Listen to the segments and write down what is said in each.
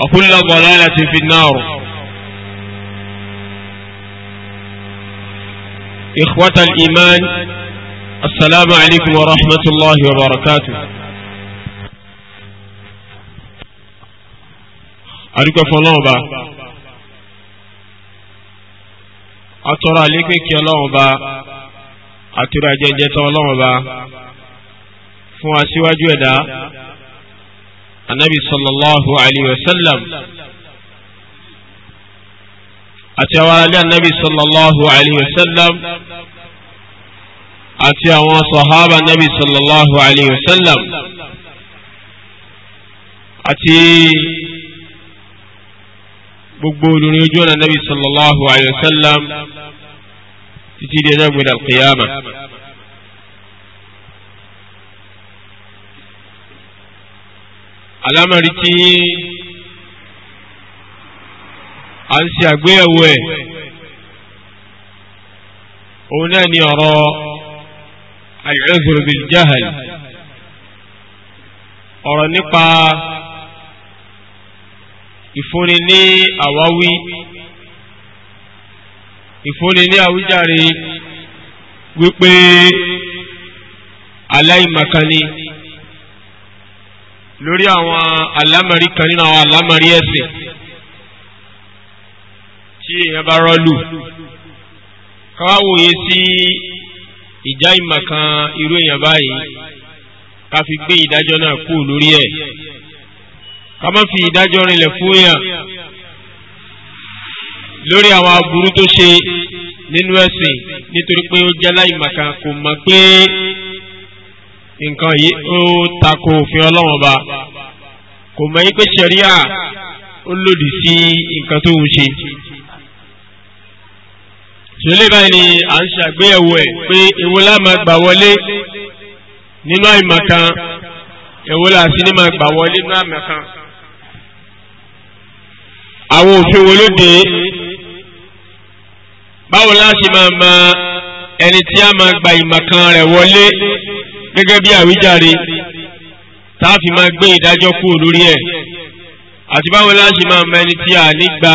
وكل ضلالة في النار إخوة الإيمان السلام عليكم ورحمة الله وبركاته أرجو فلان با أترى عليك كلام با أترى جنجة الله با فواسي سوى anabi sallallahu alayhi wa sallam àti àwọn aráàlú anabi sallallahu alayhi wa sallam àti àwọn sọ̀hábà anabi sallallahu alayhi wa sallam àti gbogbo olùrin ojú ọ̀nà anabi sallallahu alayhi wa sallam títí di ẹjọ́ gbẹdẹ̀ alámọ̀rí tí a ń ṣe àgbéyẹ̀wò ẹ̀ òun náà ni ọ̀rọ̀ al-uzru bil jahl ọ̀rọ̀ nípa ìfúnni ní àwáwí ìfúnni ní àwíjàre wípé aláìmọ̀kan lórí àwọn àlámọ̀rí kan nínú àwọn àlámọ̀rí ẹ̀sìn tí èèyàn bá rọ́lù káwá wòye sí ìjà ìmọ̀ kan irú èèyàn báyìí ká fi gbé ìdájọ́ náà kú lórí ẹ̀ ká má fi ìdájọ́ rinlẹ̀ fún èèyàn lórí àwọn aburú tó ṣe nínú ẹ̀sìn nítorí pé ó jẹ́ láìmọ̀ kan kò mọ̀ pé nǹkan yìí ó tako òfin ọlọ́wọ́n ba kò mọ̀ yí pé ṣẹ̀ríà ó lòdì sí nǹkan tó ń ṣe. ṣẹlẹ̀ báyìí ni à ń ṣàgbéyẹ̀wò ẹ̀ pé èwo la máa gbà wọlé nínú àìmọ̀kan èwo la sì ní máa gbà wọlé nínú àìmọ̀kan. àwọn òfin wo ló dé báwo la ṣe máa mọ ẹni tí a máa gba ìmọ̀kan rẹ̀ wọlé gẹ́gẹ́ bí àwíjàre tá a fi máa gbé ìdájọ́ kúrò lórí ẹ̀ àti báwo la ṣe máa mọ ẹni tí a nígbà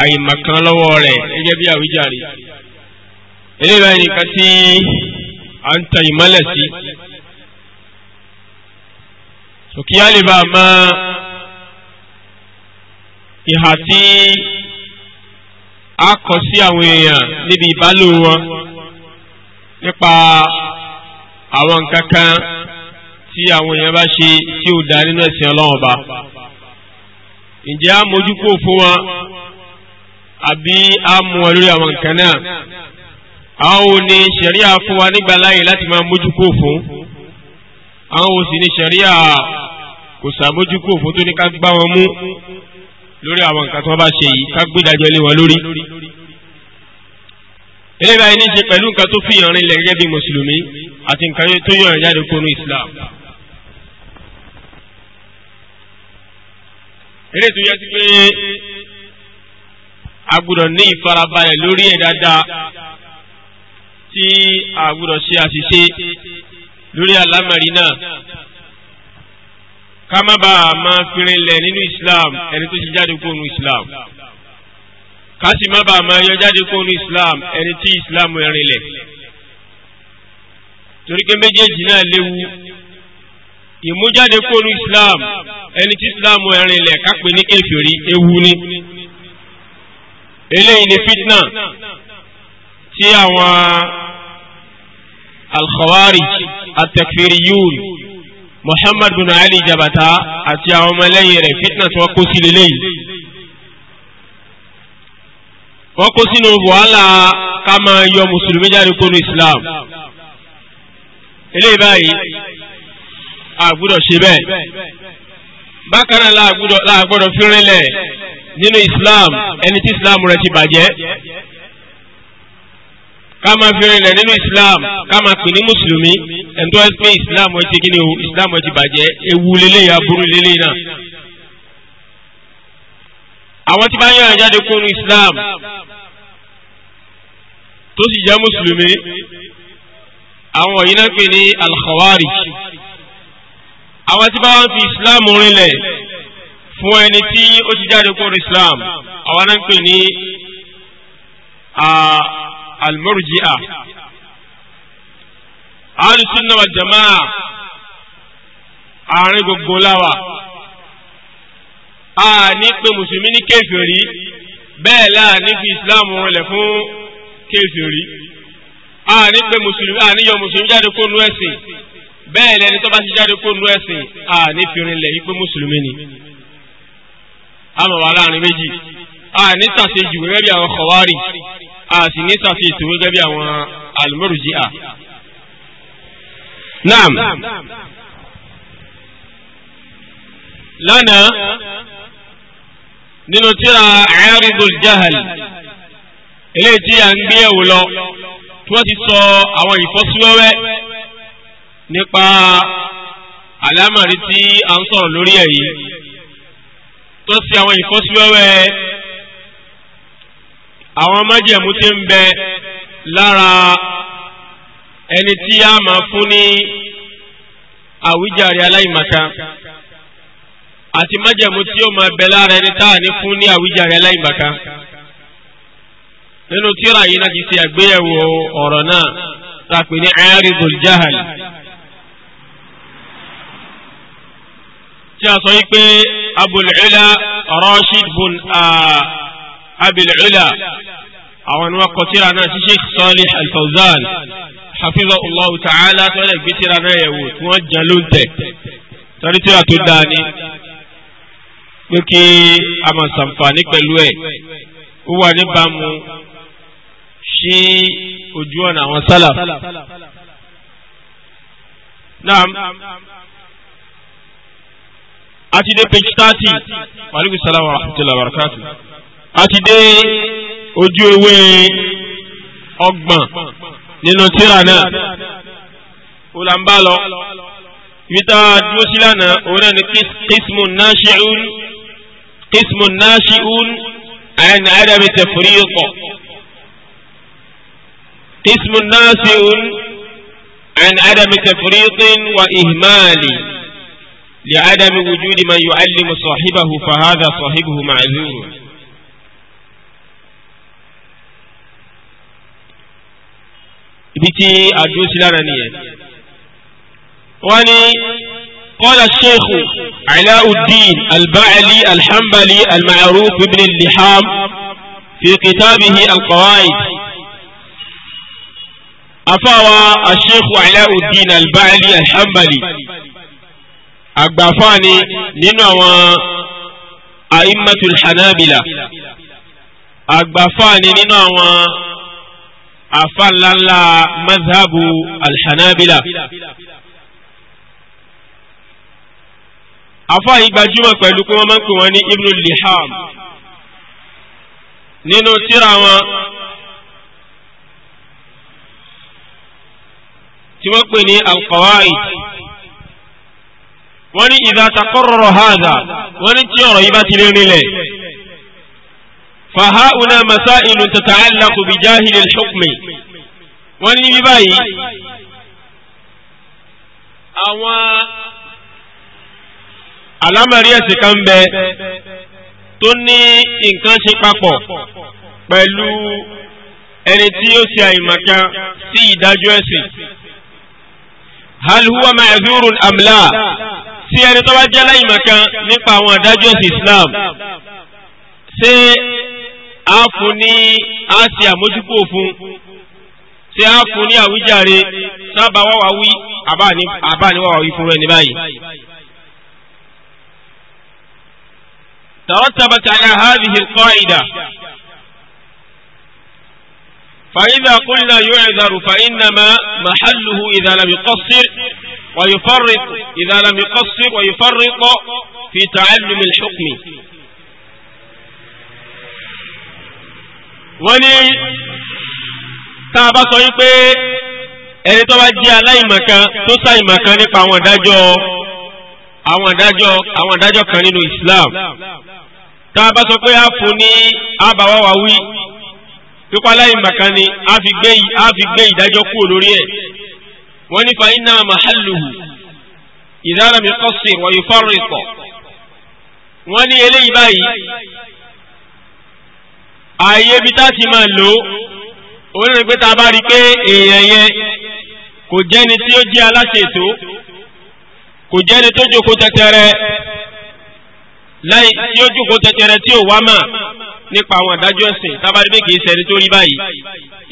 àìmọ̀kan lọ́wọ́ rẹ̀ gẹ́gẹ́ bí àwíjàre eléyìí báyìí nìkan tí a ń tan ìmọ́lẹ̀ sí òkè á mọ ìhà tí a kọ sí àwọn èèyàn níbi ìbálò wọn nípa àwọn nǹkan kan tí àwọn èèyàn bá ṣe tí ò dá nínú ẹ̀sìn ọlọ́run ọba ǹjẹ́ a mójúkò fún wọn àbí a mú wọn lórí àwọn nǹkan náà àwọn ò ní ṣẹ̀ríà fún wa nígbà láàyè láti máa mójúkò fún àwọn ò sì ní ṣẹ̀ríà kò sàmójúkò fún tó ní ká gbá wọn mú lórí àwọn nǹkan tí wọ́n bá ṣe yìí ká gbé ìdájọ́ lé wọn lórí eléyìí báyìí ní í ṣe pẹ̀lú nǹkan tó fi hàn rìn lẹ̀ gẹ́gẹ́ bí mùsùlùmí àti nǹkan tó yọ̀ jáde kó nu Islam. eré tó yẹ sí pé a gbọ́dọ̀ ní ìfarabalẹ̀ lórí ẹ̀ dáadáa tí a gbọ́dọ̀ ṣe àṣìṣe lórí àlámọ̀rí náà ká má bàa máa firinlẹ̀ nínú Islam ẹni tó ti jáde kó nu Islam ká sì má bàa máa yọ jáde kó nu Islam ẹni tí Islam rinlẹ̀ torí pé méjèèjì náà léwu ìmújáde kónú islam ẹni tí islam ẹ̀rin ilẹ̀ kápẹ́ ní kèfèrí ewu ni eléyìí ni fitna tí àwọn alkhawarij atakfiriyun muhammad bin ali jabata àti àwọn ọmọlẹ́yìn rẹ̀ fitna tí wọ́n kó sí lélẹ́yìí wọ́n kó sínú wàhálà ká máa yọ mùsùlùmí jáde kónú islam. islam eléyìí báyìí a gbọ́dọ̀ ṣe bẹ́ẹ̀ bákan náà la gbọ́dọ̀ fi rinlẹ̀ nínú islam ẹni tí islam rẹ̀ ti bàjẹ́ ká máa fi rinlẹ̀ nínú islam ká máa pè ní mùsùlùmí ẹni tó ẹ pé islam ẹ ti kí ni o islam ẹ ti bàjẹ́ ewu lélẹ́yìí aburú lélẹ́yìí náà àwọn tí bá yàn jáde kúrú islam tó sì jẹ́ mùsùlùmí àwọn wọ̀nyí náà pè ní al-khawarij àwọn tí bá wọn fi islam rinlẹ̀ fún ẹni tí ó ti jáde kúrò islam àwọn náà pè ní al-murji'a al-sunna wal jama'a àárín gbogbo láwà a ní pé mùsùlùmí ní kèfèrí bẹ́ẹ̀ láà ní fi islam rinlẹ̀ fún kèfèrí àní pé mùsùlùmí àní yọ mùsùlùmí jáde kó nu ẹ̀sìn bẹ́ẹ̀ lẹni tó bá ti jáde kó nu ẹ̀sìn àní fìrin lẹ̀ yí pé mùsùlùmí ni àmọ́ wà láàrin méjì àní tàṣe jù gẹ́gẹ́ bí àwọn kọ̀wárì àti ní tàṣe ètò gẹ́gẹ́ bí àwọn àlùmọ́rùjíà. Naam. Lánàá nínú tíra A'ridul Jahl eléyìí tí a ń gbéyàwó lọ tí wọ́n ti sọ àwọn ìfọ́síwẹ́wẹ́ nípa àlámọ̀rí tí a ń sọ̀rọ̀ lórí ẹ̀ yìí tó sì àwọn ìfọ́síwẹ́wẹ́ àwọn májẹ̀mú tí ń bẹ lára ẹni tí a máa fún ní àwíjàre aláìmọ̀kan àti májẹ̀mú tí ó máa bẹ lára ẹni tá à ní fún ní àwíjàre aláìmọ̀kan nínú tíra yìí náà ti ṣe àgbéyẹ̀wò ọ̀rọ̀ náà tàpé ní Aaridul Jahal tí a sọ yìí pé Abul Ula Rashid bun Abul Ula àwọn ni wọ́n kọ tíra náà tí Sheikh Salih Al-Fawzan hafizahullahu ta'ala tó lè gbé tíra náà yẹ̀wò tí wọ́n jẹ́ ló ń tẹ̀ torí tíra tó dáa ni pé kí a máa ṣàǹfààní pẹ̀lú ẹ̀ ó wà níbàámu sí ojú ọ̀nà àwọn sálà. Naam. Àti dé page thirty, Màlúkú Sálàmù Rahmatulah Barakatu. Àti dé ojú ewé ọgbọ̀n nínú tíra náà. O là ń bá lọ. Ibi tá dúró sí lánàá, òun náà ni Qismu Nashi'un. Qismu Nashi'un. Àyàn ní Ádámì Tẹ̀fúrí kọ̀. قسم ناسئ عن عدم تفريط وإهمال لعدم وجود من يعلم صاحبه فهذا صاحبه معذور بيتي أدوس لنا واني قال الشيخ علاء الدين البعلي الحنبلي المعروف ابن اللحام في كتابه القواعد afáwa aṣeéhu aláùdín albáàlì alhambali àgbàfáàni nínú àwọn aimatul hanabila àgbàfáàni nínú àwọn afáńláńlá mazhabu alhanabila afá yìí gbajúmọ̀ pẹ̀lú pé wọ́n máa ń pè wọ́n ní ibnu liham nínú tírà wọn. tí wọ́n pè ní alqawaid wọ́n ní idha taqarrara hadha wọ́n ní tí ọ̀rọ̀ yìí bá ti lé nílẹ̀ faha'una masailu tata'allaqu bi jahil al-hukmi wọ́n ní bí báyìí àwọn alámàrí ẹ̀sìn kan bẹ tó ní nǹkan ṣe papọ̀ pẹ̀lú ẹni tí ó ṣe àìmọ̀kan sí ìdájọ́ ẹ̀sìn hal huwa ma'zurun am la sí ẹni tó bá jẹ́ aláìmọ̀kan nípa àwọn àdájọ́ sí Islam ṣé a fún ní a ṣe àmójúkú òfin ṣé a fún ní àwíjàre sábà wá wá wí àbá ni wá wá wí fún ẹni báyìí. ترتبت على هذه القاعدة فإذا قلنا يعذر فإنما محله إذا لم يقصر ويفرط إذا لم يقصر ويفرط في تعلم الحكم ولي tàbá sọ yín pé ẹni tó bá jẹ́ aláìmọ̀kan tó ṣàìmọ̀kan nípa àwọn ìdájọ́ àwọn ìdájọ́ àwọn ìdájọ́ kan nínú Islam tàbá sọ pé a fún ní àbáwáwá wí pípa láì màkà ni a fi gbé a fi gbé ìdájọ́ kúrò lórí ẹ̀ wọ́n nípa iná màhálùhù ìdárami kọ́sì wọ̀nyí fọ́rìkọ̀ wọ́n ní eléyìí báyìí ààyè ibi tá a ti máa lò ó ó lè pé tá a bá rí i pé èèyàn yẹn kò jẹ́ni tí ó jẹ́ aláṣẹ kò jẹ́ni tó jókòó tẹtẹrẹ láì tí ó jókòó tẹtẹrẹ tí ò wá mà nípa àwọn àdájọ́ ẹ̀sìn tábàdé pé kì í ṣẹni tó rí báyìí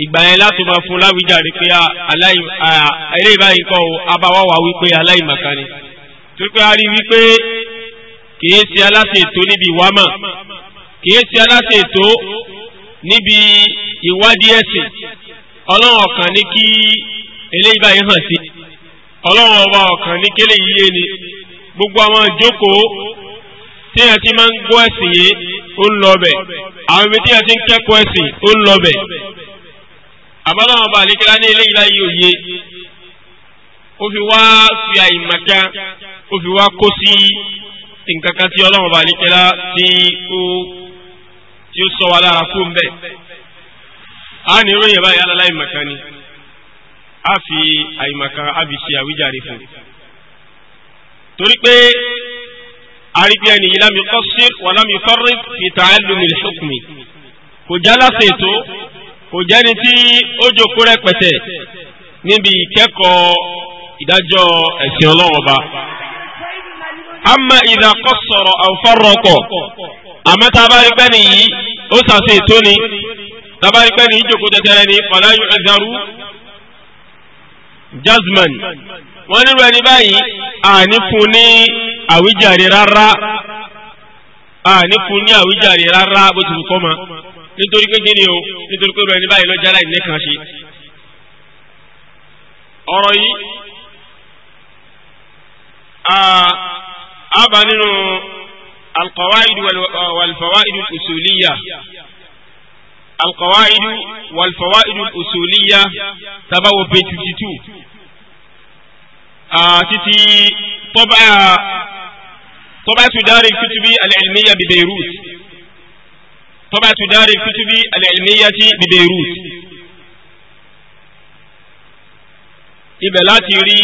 ìgbà yẹn láti máa fún láwùjáde pé ah, eré báyìí kọ́ o abáwá wa wípé aláìmọ̀kan ni torí pé a rí wípé kì í ṣe aláṣẹ ètò níbi ìwámọ̀ kì í ṣe aláṣẹ ètò níbi ìwádìí ẹ̀sìn ọlọ́run ọ̀kan ní kí eléyìí báyìí hàn sí ọlọ́run ọba ọ̀kan ní kélé yíyé ni gbogbo àwọn ìjókòó téèyàn ti máa ń gbọ́ ẹ̀sìn yìí ó ń lọ bẹ̀ àwọn ibi téèyàn ti ń kẹ́kọ̀ọ́ ẹ̀sìn ó ń lọ bẹ̀ àbálọ̀ àwọn ọba àlékelá ní eléyìí láyé òye ó fi wá fi àyìnmàkà ó fi wá kó sí nǹkan kan tí ọlọ́run ọba àlékelá tí ó tí ó sọ wa lára kó ń bẹ̀ á ní ròyìn báyìí aláìmàkà ni á fi àyìnmàkà á fi ṣe àwíjàre fún un torí pé àrígbé ẹni yìí lámì kọ́sìr wà lámì fọ́rí fìtà ẹlòmìnì ṣùkùnmí kò já lásìkò tó kò jẹ́ni tí ó jókòó rẹpẹtẹ níbi ìkẹ́kọ̀ọ́ ìdájọ́ ẹ̀sìn ọlọ́run ọba. ama ìdá kọ́ sọ̀rọ̀ àwòfọ́rọ̀kọ̀ àmọ́ tá a bá rí pẹ́ni ni tá a bá rí pẹ́ni yìí jókòó tẹ́tẹ́rẹ́ ni fàlàyé wọ́n nírú ẹni báyìí àní fún ní àwíjàre rárá àní fún ní àwíjàre rárá bó ti kọ́ ma nítorí pé kíni o nítorí pé ẹni báyìí lọ́jà láì ní kan ṣe. ọ̀rọ̀ yìí àbá nínú alqawaidu walfawaidu usuliya alqawaidu walfawaidu usuliya tabawo page fifty two títí tọ́bátù dárì kutubi al-ilmiya bi Beirut tọ́bátù dárì kutubi al-ilmiya ti bi Beirut ibẹ̀ láti rí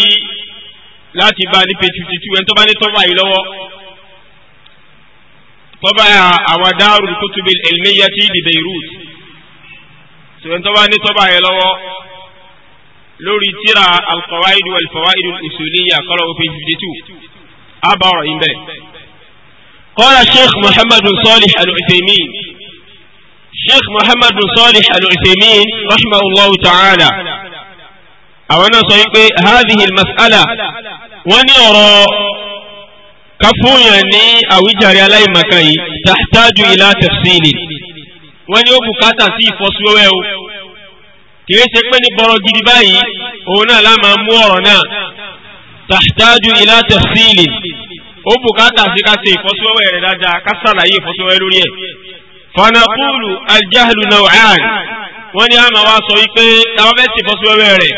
láti bá ní page fifty two ẹni tó bá ní tọ́ba yìí lọ́wọ́ tọ́ba àwọn dárù kutubi al-ilmiya ti bi Beirut ẹni tó bá ní tọ́ba yìí lọ́wọ́ lórí tíra alqawaidu walfawaidu usuliya kọ́lọ̀ òfin fifty two abọ́rọ̀ ìbẹ̀. قال الشيخ محمد صالح العثيمين الشيخ محمد صالح العثيمين رحمه الله تعالى أولا صحيح هذه المسألة ونرى كفويا ني أوجر علي مكاي تحتاج إلى تفصيل ونيو بكاتا سي فصويو kìí ṣe pé ní bọ̀rọ̀ gidi báyìí òun náà láà máa mú ọ̀rọ̀ náà tàṣtájú ilá tẹ̀síìlì ó bùkátà sí ká ṣe ìfọ́síwẹ́wẹ́ rẹ̀ dáadáa ká ṣàlàyé ìfọ́síwẹ́wẹ́ lórí ẹ̀. fanakulu aljahlu naw'an wọ́n ní àmà wa sọ wípé táwọn fẹ́ ṣe rẹ̀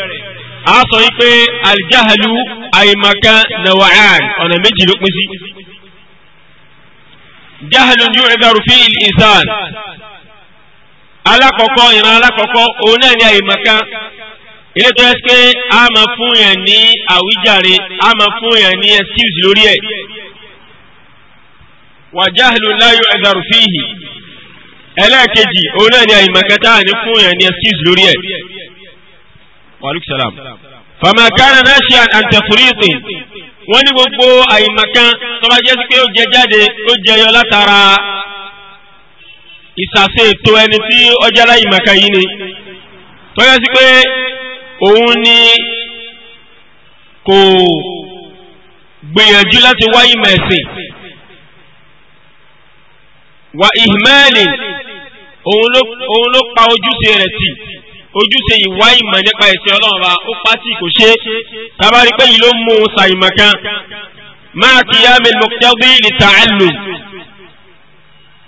a sọ wípé aljahlu àìmọ̀kan naw'an ọ̀nà méjì ló pín sí. jahlun yu'dharu fi al-insan alákọ̀ọ́kọ́ ìran alákọ̀ọ́kọ́ òun náà ní àyèmọ̀kan ilé tó yẹ pé a máa fún yẹn ní àwíjàre a máa fún yẹn ní excuse lórí ẹ̀ wàjáhìlú láyò ẹ̀dàrú fíìhì ẹlẹ́ẹ̀kejì òun náà ní àyèmọ̀kan tá à ní fún yẹn ní excuse lórí ẹ̀ wàlúùkì sàlám fàmàkánà náà ṣe àǹtẹ̀fúrìtì wọ́n ní gbogbo àyèmọ̀kan tó pé ó jẹ jáde ó jẹyọ látara ìsàsẹ́ ètò ẹni tí ọjà láyì màkà yìí ni tọ́jà sí pé òun ni kò gbìyànjú láti wá ìmọ̀ ẹ̀sìn wa ihmali òun ló pa ojúṣe rẹ̀ tì ojúṣe ìwá ìmọ̀ nípa ẹ̀sìn ọlọ́run bá ó pátì kò ṣe tábàrí pé yìí ló mú un ṣàìmọ̀ kan máa kìyàmil muqtadi li ta'allum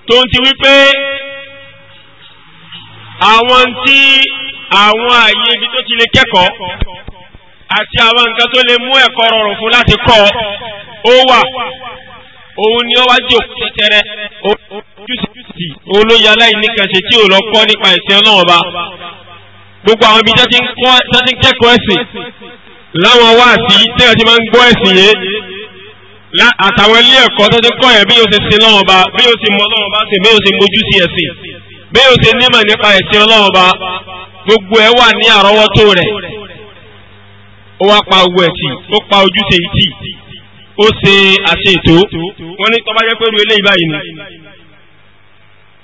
tó ń ti wípé àwọn tí àwọn àyè ibi tó ti lè kẹ́kọ̀ọ́ àti àwọn nǹkan tó lè mú ẹ̀kọ́ rọrùn fún láti kọ́ ó wà òun ni ó wá jò tẹ́tẹ́rẹ́ ojúṣe olóyè aláìníkànṣe tí ò lọ kọ́ nípa ẹ̀sìn ọlọ́wọ́n gbogbo àwọn ibi tó ti ń kẹ́kọ̀ọ́ ẹ̀sìn láwọn wáàsí tí wọ́n ti máa ń gbọ́ ẹ̀sìn yẹn àtàwọn ilé ẹ̀kọ́ tó ti kọ́ yẹn bí o ti sin lọ́wọ́ ba bí o ti mọ lọ́wọ́ ba sí bí o ti mójú sí ẹ̀sìn bí o ti nímọ̀ nípa ẹ̀sìn ọlọ́wọ́ ba gbogbo ẹ̀ wà ní àrọ́wọ́tó rẹ̀ ó wá pa owó ẹ̀tì ó pa ojúṣe ìtì ó ṣe àṣẹ ètò wọ́n ní tọ́ba pẹ̀lú eléyìí báyìí ni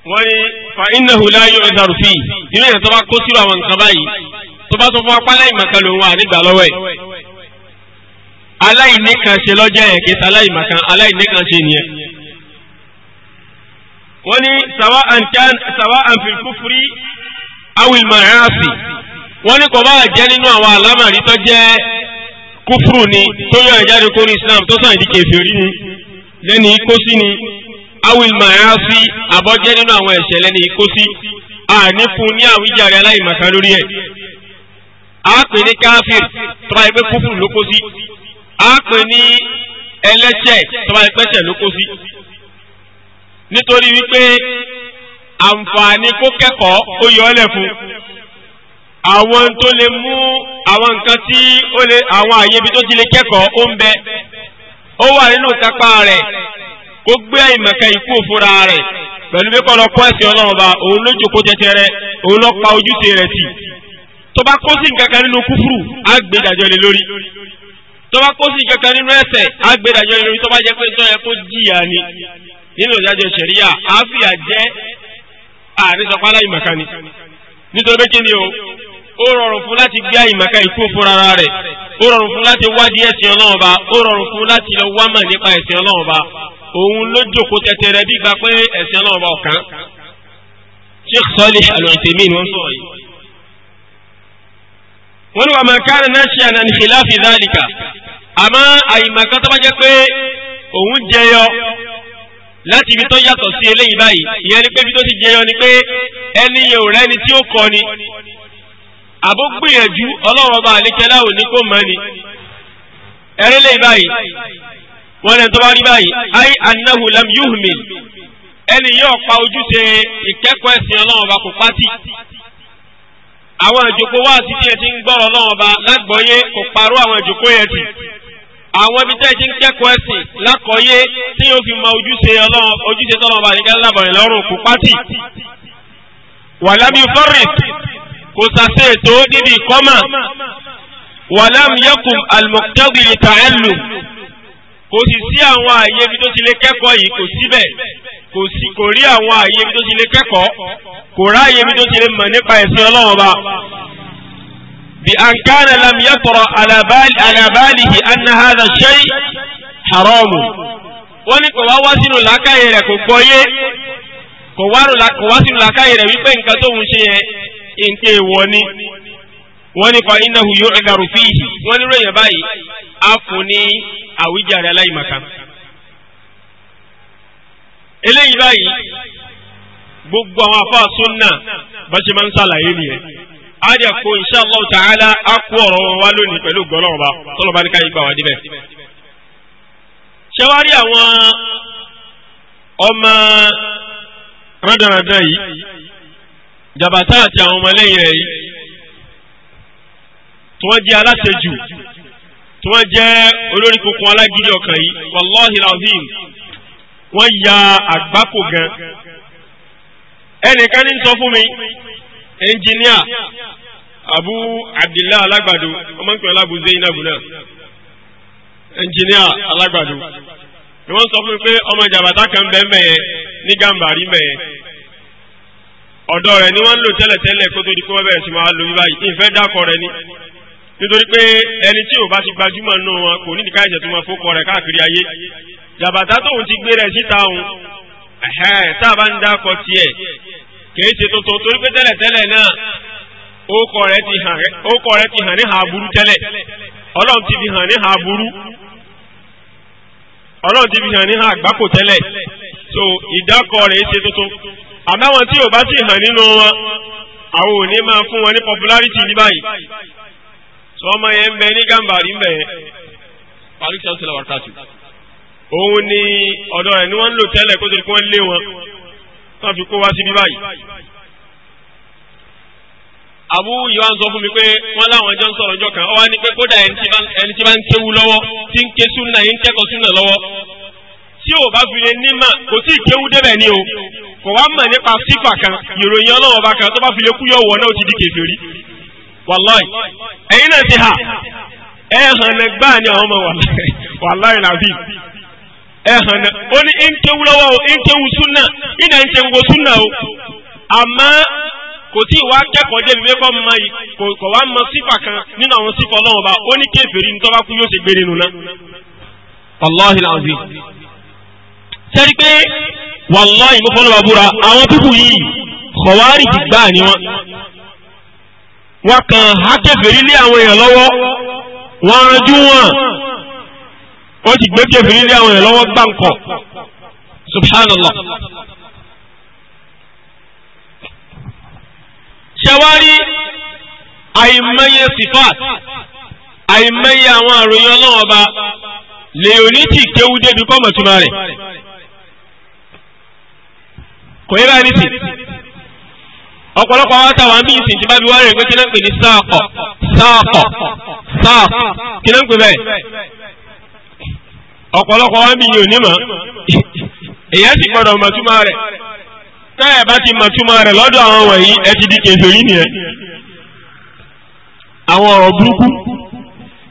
wọ́n ní fa innahu la yu'dharu fi nínú ìyẹn tó bá kó sírò àwọn nǹkan báyìí tó bá tó fún apá lẹ́yìn aláìní kan ṣe lọ́jọ́ yẹn kìí ṣaláìmọ̀ kan aláìní kan ṣe nìyẹn. wọ́n ní sàwa àǹkan sàwa àǹfin kúfúrí awil ma'asi wọ́n ní kò bá jẹ́ nínú àwọn àlámàrí tó jẹ́ kúfúrú ni tó yọ ìjáde kó ní islam tó sàn ìdíkè fèrí ni lẹ́ni ikó ni awil ma'asi àbọ̀jẹ́ nínú àwọn ẹ̀ṣẹ̀ lẹ́ni ikó sí àníkun ní àwíjàre aláìmọ̀kan lórí ẹ̀. a pè ní káfíìr tó bá yẹ pé kúfúrú ló kó sí. A pè ní ẹlẹ́ṣẹ̀ tó bá pẹ́ṣẹ̀ ló kó sí nítorí wípé àǹfààní kó kẹ́kọ̀ọ́ ó yọ ọ́lẹ̀ fún àwọn tó lè mú àwọn nǹkan tí ó lè àwọn àyè ibi tó ti lè kẹ́kọ̀ọ́ ó ń bẹ ó wà nínú kápá rẹ̀ kó gbé ìmọ̀kẹ́ ikú òfúra rẹ̀ pẹ̀lú bí kọ́lọ́ kọ́ ẹ̀sìn ọlọ́run òun ló jòkó tẹ́tẹ́ òun ló pa ojúṣe rẹ̀ tì tó bá kó sí nǹkan kan nínú kúfùrù á gbé ìdájọ́ lé lórí tọ́ba kó sí kankan nínú ẹsẹ̀ agbèdàjọ ìlú tọ́ba jẹ́ pé tọ́yẹ kó jìyà ni nínú ìdájọ́ sẹ̀ríyà àáfíà jẹ́ àrísọpá aláìmọ̀ká ni nítorí pé kí ni o ó rọrùn fún láti gbé àìmọ̀ká ikú fúnra rẹ̀ ó rọrùn fún láti wádìí ẹ̀sìn ọlọ́run ba ó rọrùn fún láti lọ wámọ̀ nípa ẹ̀sìn ọlọ́run ba òun ló jòkó tẹtẹrẹ bí gba pé ẹ̀sìn ọlọ́run ba ọ̀kan Sheikh Salih Al-Uthaymeen ni wọ́n sọ̀rọ̀ yìí wọ́n ní wà máa kára náà ṣe àná nìkìláàfì dáríkà àmọ́ àyìnbàkan tó bá jẹ́ pé òun jẹyọ láti ibi tó yàtọ̀ sí eléyìí báyìí ìyẹn ni pé ibi tó ti jẹyọ ni pé ẹni yẹn ò rẹ́ni tí ó kọ ni àbó gbìyànjú ọlọ́run ọba àlékẹ́lá ò ní kó mọ́ ni ẹ̀rí lè báyìí wọ́n lẹ́nu tó bá rí báyìí ayé anahu lam yuhmil ẹni yóò pa ojúṣe ìkẹ́kọ̀ọ́ ẹ̀sìn ọlọ́run ọba kò pátì àwọn àjòkó wá sí tí ẹ ti ń gbọ́rọ̀ náà ọba lágbọ́yé kò parọ́ àwọn àjòkó yẹn tì àwọn ibi tẹ́ ẹ ti ń kẹ́kọ̀ọ́ ẹ̀sìn lákọ̀ọ́yé tí yóò fi mọ ojúṣe ọlọ́run ojúṣe tọ́lọ́ ọba nìkan lábọ̀rẹ̀ lọ́rùn kò pátì wàlámi fọ́rìn kò sàṣe ètò níbi ìkọ́mà wàlámi yẹkùn àlùmọ̀tẹ́gì ìtàẹ́lù kò sì sí àwọn àyè ibi tó ti lè kẹ́kọ̀ọ́ yìí kò síbẹ̀ kò sí kò rí àwọn àyè ibi tó ti lè kẹ́kọ̀ọ́ kò ráàyè ibi tó ti lè mọ̀ nípa ẹ̀sìn ọlọ́run ọba. bí àǹkánà lam yàtọ̀rọ̀ alábàálìhì anahada ṣẹ́yí haramu. wọ́n ní kò wá wá sínú làákàyè rẹ̀ kò gbọ́ yé kò wá sínú làákàyè rẹ̀ wípé nǹkan tó ń ṣe yẹn nǹkan èèwọ̀ ni. wọ́n ní fa ináhu yóò ẹ̀dàrú fíìhì wọ́n ní ròyìn báyìí á fún ní àwíjàre aláìmọ̀kan. eléyìí báyìí gbogbo àwọn àfáà sunna bá máa ń ṣàlàyé nìyẹn a dẹ̀ kó insha Allah ta'ala á kó ọ̀rọ̀ wọn wá lónìí pẹ̀lú gbọ́lọ́wọ́ba tọ́lọ́ba ní káyí gbà wá débẹ̀. ati àwọn ọmọ rádaràdà yìí jàbátá àti àwọn ọmọlẹ́yìn rẹ̀ yìí tí wọ́n jẹ́ tí wọ́n jẹ́ olórí wọ́n ya àgbákò gan ẹnìkan ní sọ fún mi ẹnjìníà abu abdillah alágbàdo ọmọ nǹkan alábu zainab náà ẹnjìníà alágbàdo ni wọ́n sọ fún mi pé ọmọ jàbàtà kan bẹ́ẹ̀ mẹ́yẹ ní gàmbàrí mẹ́yẹ ọ̀dọ́ rẹ̀ ni wọ́n ń lò tẹ́lẹ̀tẹ́lẹ̀ kó di kó wọ́n bẹ̀rẹ̀ sí máa lo bíbáyìí ìfẹ́ dákọ̀ rẹ̀ ni nítorí pé ẹni tí ò bá ti gbajúmọ̀ nù wọn kò ní ìdíkà ìjẹ̀ tó máa fókọ rẹ̀ káàkiri ayé jàbàtà tóun ti gbé rẹ̀ síta òun tá a bá ń dákọ tiẹ̀ kìí ṣe tuntun torí pé tẹ́lẹ̀tẹ́lẹ̀ náà ókọ rẹ̀ ti hàn ní ha burú tẹ́lẹ̀ ọlọ́run ti fi hàn ní ha àgbákò tẹ́lẹ̀ so ìdákọ rẹ̀ ṣe tuntun àbáwọn tí ò bá sì hàn nínú wọn àwọn ò máa fún wọn ní popularity ní báyìí ọmọ yẹn bẹ ní gàmbàrí ń bẹ pàlùkì ọ̀sẹ̀ lọ́wọ́ kàtù òun ni ọ̀dọ́ rẹ̀ ni wọ́n ń lò tẹ́lẹ̀ kó tó kí wọ́n lé wọn tó fi kó wá síbí báyìí àbú yóò sọ fún mi pé wọ́n láwọn jọ ń sọ̀rọ̀ ọjọ́ kan ọ wá ní pé kódà ẹni tí bá ń kéwu lọ́wọ́ tí ń ké súnà yìí ń kẹ́kọ̀ọ́ súnà lọ́wọ́ tí ò bá fi lè nímà kò tí ì débẹ̀ ni o kò wá mọ̀ nípa sífà kan ìròyìn ọlọ́wọ́ bá kan tó bá fi lè kú yọ̀ wọ̀ náà ó ti di kèfèrí wàláì ẹ̀yin náà ti hà ẹ hàn ní gbáà àwọn ọmọ wàláì làbí ẹ hàn ní ó ní o ìkéwu súnà ìdá na súnà o àmọ́ kò tí wa akẹ́kọ̀ọ́ jẹ́ bíbẹ́ kọ́ mọ kò wá mọ sífà kan nínú àwọn sífà ọlọ́run bá ó ní kéferì ní tọ́ba yóò ṣe náà. wàláì làbí pé wàláì mo fọ́nà bàbúrà àwọn pípù yìí kọ̀wárì ti wọ́n kàn á kèfèrí lé àwọn èèyàn lọ́wọ́ wọ́n ranjú wọn ó ti gbé kèfèrí lé àwọn èèyàn lọ́wọ́ gbàǹkọ̀ subhanallah. ṣẹwárí àìmọye sifat àìmọye àwọn àròyìn ọlọ́wọ́n ọba leoniti kéwú débi kọ́mọ̀túmọ̀ rẹ̀ kò yẹ báyìí ti ọ̀pọ̀lọpọ̀ àwọn àtàwọn àmì ìsìn tí bá bí wá rẹ̀ pé kí náà ń pè ní sáàkọ̀ sáàkọ̀ sáàk kí náà ń pè bẹ́ẹ̀ ọ̀pọ̀lọpọ̀ àwọn àmì yìí ò èyí á sì gbọ́dọ̀ mọ̀túmọ̀ rẹ̀ táyà bá ti mọ̀túmọ̀ rẹ̀ lọ́dọ̀ àwọn wọ̀nyí ẹ ti di kèfèrí nìyẹn àwọn ọ̀rọ̀ burúkú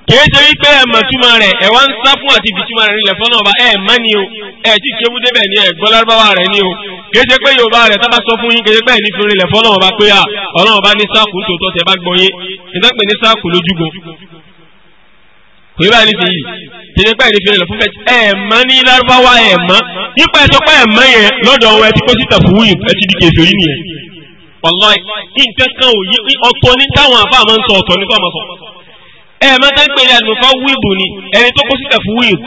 kìí ṣe wípé ẹ mọ̀ túmọ̀ rẹ̀ ẹ wá ń sá fún àti ìfìtúmọ̀ rẹ̀ nílẹ̀ fọ́nà ọba ẹ mọ́ ni o ẹ ti ṣebú débẹ̀ ni ẹ gbọ́ lárúbáwá rẹ̀ ni o kìí ṣe pé yorùbá rẹ̀ tá bá sọ fún yín kìí ṣe pé ẹni fi rinlẹ̀ fọ́nà ọba pé à ọlọ́run ọba ní sáàkù tòótọ́ tẹ bá gbọ́ yé ìdápè ní sáàkù lójúgo kò yíba ẹni fi yìí kìí ṣe pé ẹni fi rinlẹ̀ fún fẹ́ẹ́ ẹ mọ́ ní lárúbáwá ẹ mọ́ nípa ẹ sọ pé ẹ mọ́ yẹn lọ́dọ̀ ẹ ti kó síta fún wíyìn ẹ ti di kèfèrí nìyẹn wàlláhì nǹkan kan ò yí ọ̀tọ̀ ní táwọn àfáà máa ń sọ ọ̀tọ̀ ní tó máa sọ ẹ ẹ mẹ́ta ń pè ní àlùmọ̀fá wíìbù ni ẹni tó kó síta fún wíìbù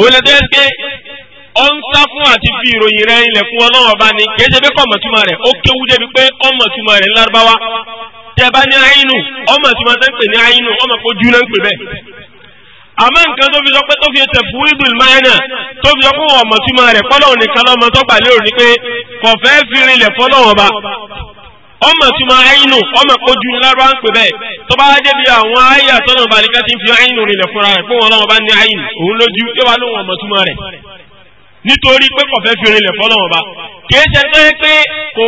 òun lè tẹ́lẹ̀ pé ọ ń sá fún àti fi ìròyìn rẹ̀ ilẹ̀ fún ọ náà bá ní kìí ṣe pé kọ́ ọmọ̀túmọ̀ rẹ̀ ó kéwú débi pé ọmọ̀túmọ̀ rẹ̀ ńlárúbáwá tẹ bá ní àyínú ọmọ̀túmọ̀ tẹ́ ń pè ní àyínú ọmọ̀fojú náà ń pè bẹ́ẹ̀ àmọ́ nǹkan tó fi sọ pé tó fi ṣe fún ibùn máyánà tó fi sọ pé ọmọ̀túmọ̀ rẹ̀ fọlọ́run nìkan lọ́mọ tó gbà lérò ni pé kò fẹ́ fi ọmọ tó máa ẹyìnù ọmọ kojú lárúbá ń pè bẹ́ẹ̀ tó bá wá àwọn ayé àtọ́nà balika ti ń fi ẹyìnù rinlẹ̀ fúnra rẹ̀ fún wọn lọ́wọ́ bá ní ẹyìnù òun lójú yóò wá lóhun ọmọ nítorí pé fi rinlẹ̀ bá kì í ṣe pé kò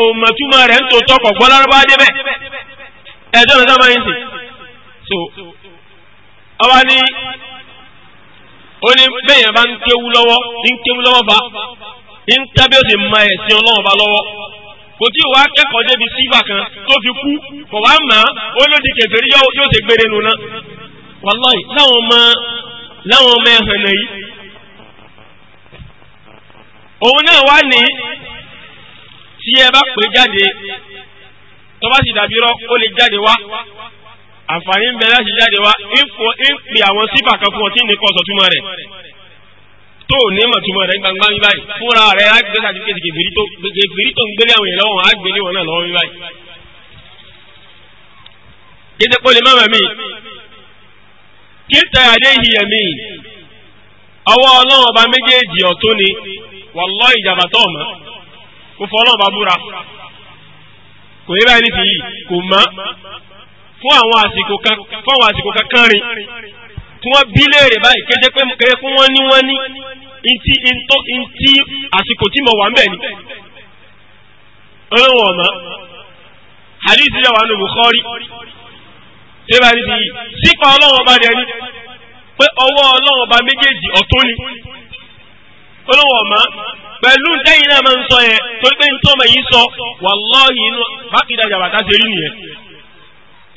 so ọba ní ó ní bẹ́yẹn bá ń kéwu lọ́wọ́ ń kéwu lọ́wọ́ bá ń ó kò tí ò wá kẹ́kọ̀ọ́ débi sífà kan tó fi kú kò wá mọ̀ ó ló di kẹfẹ́rí yóò ṣe gbére nu ná. wàláì láwọn ọmọ láwọn ọmọ ẹ̀hàn náà yìí. òun náà wá ní tí ẹ bá pè jáde tó bá sì dàbí rọ ó lè jáde wá àǹfààní ń bẹ láti jáde wá ń pè àwọn sífà kan fún ọ tí nìkan sọ̀túnmọ́ rẹ̀. tó ní màtúmọ̀ rẹ̀ gbangba mi báyìí fúnra rẹ̀ á tó ń gbélé àwọn èèyàn lọ́wọ́ wọn náà lọ́wọ́ mi báyìí. kéde mọ́mọ́ mi ọba méjèèjì ọ̀tún ni ìjàmbá tó ọ̀mọ́ kò búra kò yẹ báyìí kò mọ́ fún àwọn àsìkò tí wọ́n bí léèrè báyìí kéde pé kéde pé wọ́n ní wọ́n ní ntí ntọ́ ntí àsìkò tí mo wà ń bẹ̀ ni. ọlọ́wọ́ ọ̀mọ́ hadithi yà wà ní Bukhari tẹ́lá ní ti yìí sípa ọlọ́wọ́ ọba dẹni pé ọwọ́ ọlọ́wọ́ ọba méjèèjì ọ̀tún ni. ọlọ́wọ́ ọ̀mọ́ pẹ̀lú ntẹ́yìn náà máa ń sọ yẹn torí pé ntọ́ ọmọ yìí sọ wàlọ́ọ̀hìn inú bákìdájà bàtà ṣe rí nìyẹn.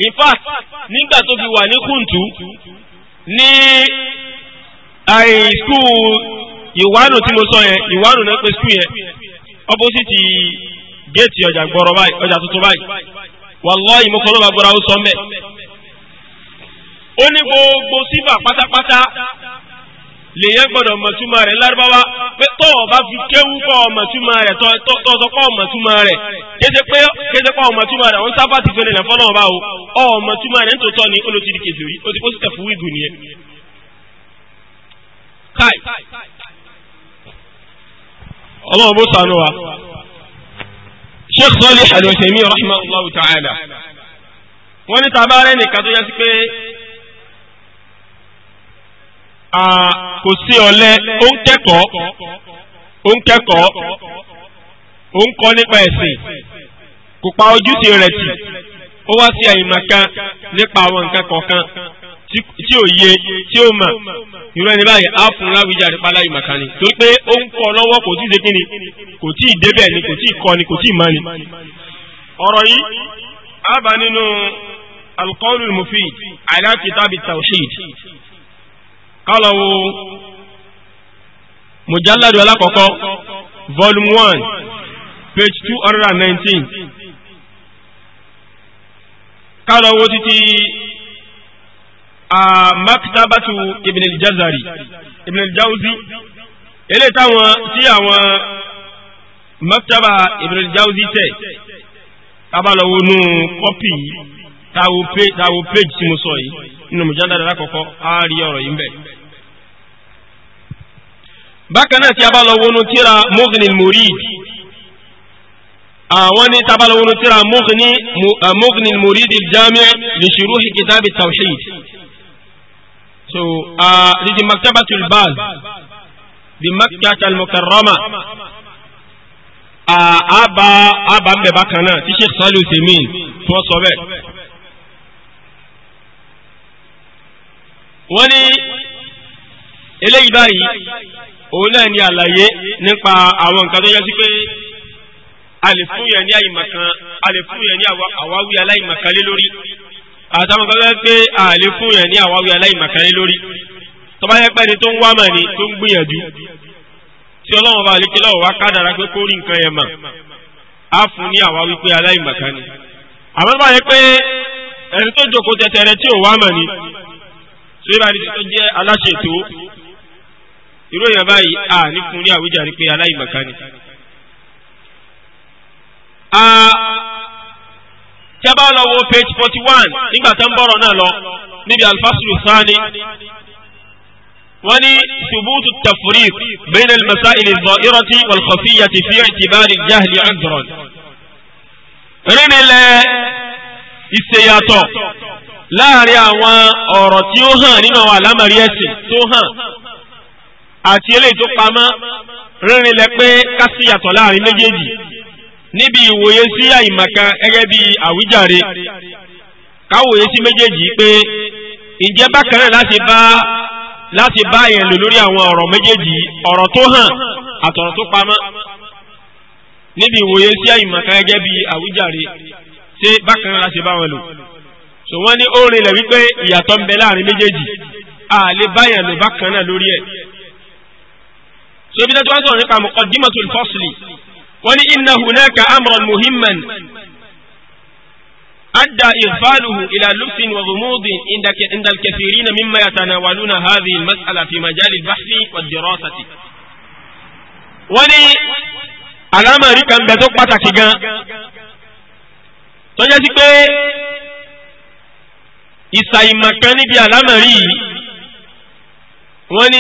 in fact nígbà tó fi wà ní kùntù ní skuul ìwánù tí mo sọ yẹn ìwánù náà pé skul yẹn opposite géètì ọjà gbọrọ báyìí ọjà tuntun báyìí wallahi mo kọ́ ló bá sọ ó ní gbogbo sífà pátápátá le gbọ́dọ̀ mọ̀túmọ̀ rẹ̀ lárúbáwá pé tó o bá fi kéwú kọ́ ọmọ̀túmọ̀ rẹ̀ tọ́tọ́ kọ́ ọmọ̀túmọ̀ rẹ̀ kéde pé kéde kọ́ ọmọ̀túmọ̀ rẹ̀ wọ́n sábà ti fẹ́rẹ̀ lẹ́fọ́ náà bá o ọmọ̀túmọ̀ rẹ̀ nítòótọ́ ni o ti kó sí tẹ̀fú wíìgù nìyẹn. káì ọlọ́run bó sànú wa kò sí ọ̀lẹ ó ń kẹ́kọ̀ọ́ ó ń kẹ́kọ̀ọ́ ó ń kọ́ nípa ẹ̀sìn kò pa ojúṣe rẹ̀ tì ó wá sí àyìnmọ̀ kan nípa àwọn nǹkan kọ̀ọ̀kan tí ò yé tí ó mà irú ẹni báyìí á fún láwùjá nípa láyìnmọ̀ kan ni torí pé ó ń kọ́ lọ́wọ́ kò tí ì ṣe kí ni kò tí ì débẹ̀ ni kò tí ì kọ́ ni kò tí ì mọ̀ ni. ọ̀rọ̀ yìí á bá nínú alqawlul mufid ala kitab kálọ̀wò mujalladu alákọ̀ọ́kọ́ volume one page two hundred and nineteen kálọ̀wò títí a ah, maktabatu ibn al-jazari ibn al jauzi eléyìí táwọn tí àwọn maktaba ibn al jauzi tẹ̀ tábàlọ́wọ́ nù kọ́pì yìí táwo page táwo page tí mo sọ yìí nínú mùjádàdà lákọ̀ọ́kọ́ á rí ọ̀rọ̀ yìí ń bẹ. bákan náà tí a bá lọ wọnú tíra Mughni al àwọn ní tá a bá lọ wọnú tíra Mughni Mughni al-Murid al-Jami' li shuruh kitab at-tawhid. so lidi maktabatul Baz bi Makkah al-Mukarrama àbá àbá ń bẹ bákan náà tí Sheikh Salihu Uthaymin bẹ́ẹ̀. wọ́n ní eléyìí báyìí òun náà ni àlàyé nípa àwọn nǹkan tó yẹ sí pé a lè fún yẹn ní àyìnmọ̀kan a lè fún yẹn ní àwáwí aláìmọ̀kan lé lórí àtàwọn nǹkan tó yẹ pé a lè fún yẹn ní àwáwí aláìmọ̀kan lé lórí tó bá yẹ pé ẹni tó ń wá mọ̀ ni tó ń gbìyànjú tí ọlọ́run bá lékè lọ́wọ́ wá kádàrá pé kó rí nǹkan yẹn mọ̀ á fún ní àwáwí pé aláìmọ̀kan àmọ́ bá yẹ pé ẹni tó jókòó tẹ̀tẹ̀rẹ̀ tí ò wá mọ̀ ni so yíba níbi tó jẹ́ aláṣetò irú èèyàn báyìí a nífun ní àwíjàre pé aláìmọ̀ká ni. tí a bá lọ wo page forty one nígbà tó ń bọ̀rọ̀ náà lọ níbi alfaslu sani wọ́n ní ṣubútu tafuriq bẹ́ẹ̀ni masáìlì zọ́írọ́tì wàlkọ́fíyàtì fi ìtìbáàdì jáhìlì ọ̀dọ́rọ̀n. rírìnlẹ̀ ìṣèyàtọ̀ láàrin àwọn ọ̀rọ̀ tí ó hàn nínú àwọn àlámọ̀rí ẹ̀sìn tó hàn àti eléyìí tó pamọ́ rínrin lẹ pé kásìyàtọ̀ láàrin méjèèjì níbi ìwòye sí àìmọ̀kan gẹ́gẹ́ bí àwíjàre káwòye sí méjèèjì pé ǹjẹ́ bákan náà láti bá láti bá yẹn lò lórí àwọn ọ̀rọ̀ méjèèjì ọ̀rọ̀ tó hàn àtọ̀rọ̀ tó pamọ́ níbi ìwòye sí àìmọ̀kan gẹ́gẹ́ bí àwíjàre ṣé bákan láti bá wọn lò so wọ́n ní ó rinlẹ̀ wípé ìyàtọ̀ ń bẹ láàrin méjèèjì a lè báyàn ló bá kan náà lórí ẹ̀ so ibi tó wọ́n sọ̀rọ̀ nípa muqaddimatul fasli wọ́n ní inna hunaka amran muhimman أدى إغفاله إلى لبس وغموض عند الكثيرين مما يتناولون هذه المسألة في مجال البحث والدراسة ولي علامة ركن بدو pàtàkì gan tó sí pé ìsàìmọ̀ kan níbi àlámọ̀rí yìí wọ́n ní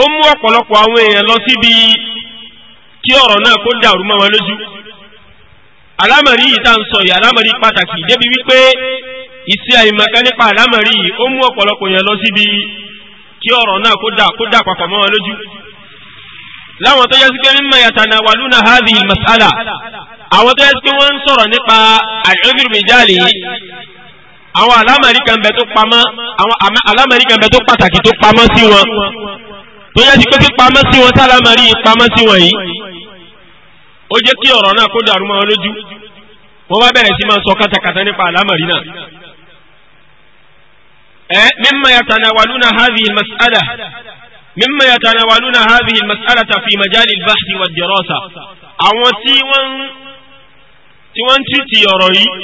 ó mú ọ̀pọ̀lọpọ̀ àwọn èèyàn lọ síbi kí ọ̀rọ̀ náà kó dàrú mọ́ wọn lójú àlámọ̀rí yìí tá ń sọ yìí àlámọ̀rí pàtàkì débi wípé ìsí àìmọ̀ kan nípa àlámọ̀rí yìí ó mú ọ̀pọ̀lọpọ̀ èèyàn lọ síbi kí ọ̀rọ̀ náà kó dà kó dà papọ̀ mọ́ wọn lójú láwọn tó yẹ sí pé mímọ̀ yàtànà wàlúùnà hadhihi al-mas'ala àwọn tó yẹ kí wọ́n ń sọ̀rọ̀ nípa àìlóbìrì bìjálì yìí àwọn alámọ̀rí kan bẹ tó pamọ́ àwọn alámọ̀rí kan bẹ tó pàtàkì tó pamọ́ sí wọn tó yẹ kí tó pamọ́ sí wọn tá alámọ̀rí yìí pamọ́ sí wọn yìí ó jẹ́ kí ọ̀rọ̀ náà kó dàrú mọ́ wọn lójú wọ́n bá bẹ̀rẹ̀ sí máa sọ kátàkátà nípa alámọ̀rí náà. ẹ mímọ yatanawaluna hadhihi mas'ala mímọ yatanawaluna hadhihi mas'ala fi majali al-bahth wa ad-dirasa àwọn tí wọ́n tí wọ́n ń tìtì ọ̀rọ̀ yìí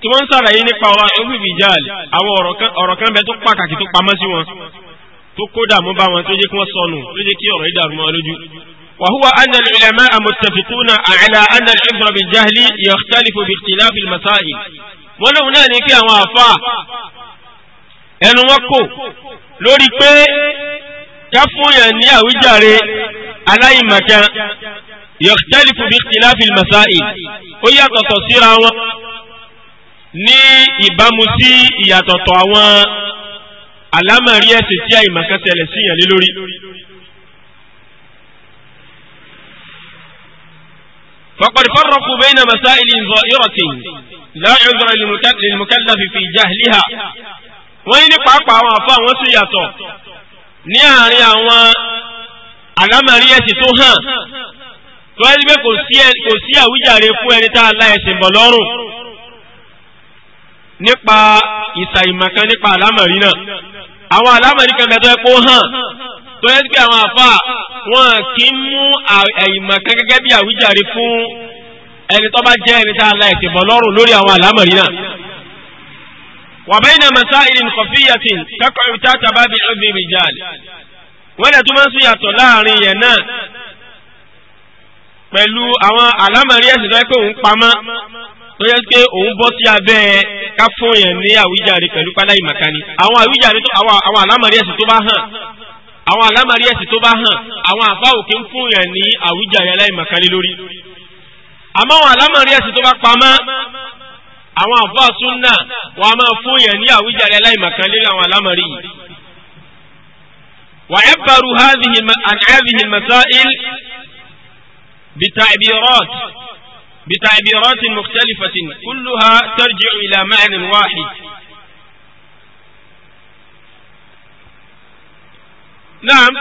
tí wọ́n ń sàlàyé nípa wa ẹ̀wùbí jáàlì àwọn ọ̀rọ̀ kan bẹ tó pàtàkì tó pamọ́ sí wọn tó kó dààmú bá wọn tó jẹ́ kí wọ́n sọnù tó jẹ́ kí ọ̀rọ̀ yìí dàrú mọ́ lójú. وهو أن العلماء متفقون على أن الحفظ بالجهل يختلف باختلاف المسائل ولو نانك وافا ẹnu wọn kò lórí pé ká fún yẹn ní àwíjàre aláìmọ̀kan yọ̀tẹ́lifù bí ikhtilafi al-masail ó yàtọ̀tọ̀ síra wọn ní ìbámu sí ìyàtọ̀tọ̀ àwọn àlámọ̀rí ẹ̀sìn tí àìmọ̀kan tẹ̀lẹ̀ sí yàn lé lórí. فقد فرقوا بين مسائل ظاهرة لا عذر للمكلف في جهلها wọ́n ní pàápàá àwọn àfáà wọ́n sì yàtọ̀ ní àárín àwọn tó ẹni pé kò sí àwíjàre fún ẹni tá a lá ẹ̀sìn bọ̀ lọ́rùn nípa ìsàìmọ̀kan nípa àlámọ̀rí náà àwọn àlámọ̀rí kan bẹ̀ tó ẹ kó hàn tó yẹ kí àwọn àfa wọn kì í mú àìmọ̀kan gẹ́gẹ́ bí àwíjàre fún ẹni tó bá jẹ́ ẹni tá a lá ẹ̀sìn bọ̀ lọ́rùn lórí àwọn àlámọ̀rí náà. وبين مسائل خفية تقع تحت باب علم الرجال ولا تمسي طلعني pẹ̀lú àwọn àlámọ̀rí ẹ̀sìn tó yẹ pé òun pamọ́ tó yẹ pé òun bọ́ sí abẹ́ ká fún yẹn ní àwíjàre pẹ̀lú pálá ìmàkánì àwọn àwíjàre tó àwọn àlámọ̀rí ẹ̀sìn tó bá hàn àwọn àlámọ̀rí ẹ̀sìn tó bá hàn àwọn àfa òkè ń fún yẹn ní àwíjàre aláìmàkánì lórí àmọ́ àwọn àlámọ̀rí ẹ̀sìn tó bá pamọ́ àwọn àfa súnà wọn a máa fún yẹn ní àwíjàre aláìmàkánì هذه المسائل بتعبيرات بتعبيرات مختلفة كلها ترجع إلى معنى واحد نعم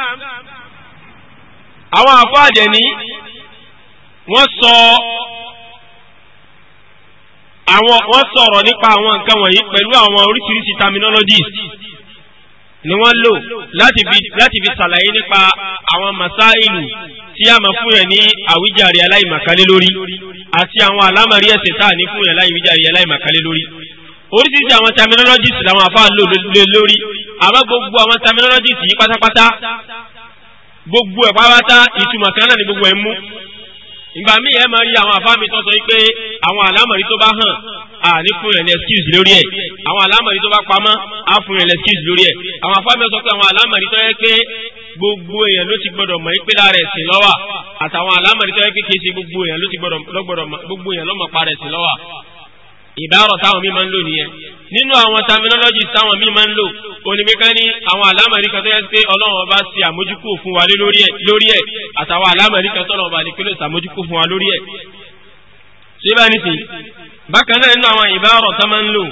àwọn àfáàjẹ̀ ní wọ́n sọ àwọn wọ́n sọ̀rọ̀ nípa àwọn nǹkan wọ̀nyí pẹ̀lú àwọn oríṣiríṣi terminologies ni wọ́n lò láti fi láti fi ṣàlàyé nípa àwọn masáìlù tí a máa fún yẹn ní àwíjàre aláìmàkálé lórí àti àwọn àlámàrí ẹ̀sẹ̀ tá a ní fún yẹn láìwíjàre aláìmàkálé lórí oríṣiríṣi àwọn terminologies làwọn àfáà lò lórí àmọ́ gbogbo àwọn terminologies yìí pátápátá gbogbo ẹ̀ pátápátá ìtumọ̀ kan náà ni gbogbo ẹ̀ mú ìgbà míì ẹ máa rí àwọn àfáà mi tó sọ pé àwọn àlámàrí tó bá hàn àní fún yẹn ní excuse lórí ẹ̀ àwọn àlámọ̀rí tó bá pamọ́ á fún yẹn ní excuse lórí ẹ̀ àwọn afáàmì sọ pé àwọn àlámọ̀rí tó yẹ pé gbogbo èèyàn ló ti gbọdọ̀ mọ̀ ìpè lára ẹ̀sìn lọ́wà àtàwọn àlámọ̀rí tó yẹ pé kìí ṣe gbogbo èèyàn ló ti gbọdọ̀ gbogbo èèyàn lọ́mọ̀ para ẹ̀sìn lọ́wà ìbárọ̀ táwọn míì máa ń lò nìyẹn nínú àwọn terminology táwọn míì máa ń lò onígbéká ní àwọn àlámọ̀rí kan tó yẹ pé ọlọ́run ọba ṣe àmójúkò fún wa lórí ẹ̀ àtàwọn àlámọ̀rí kan tó ọlọ́run ọba ní pé ló ṣàmójúkò fún wa lórí ẹ̀ ṣé bá ní sìn bákan náà nínú àwọn ìbáàrọ̀ tá máa ń lò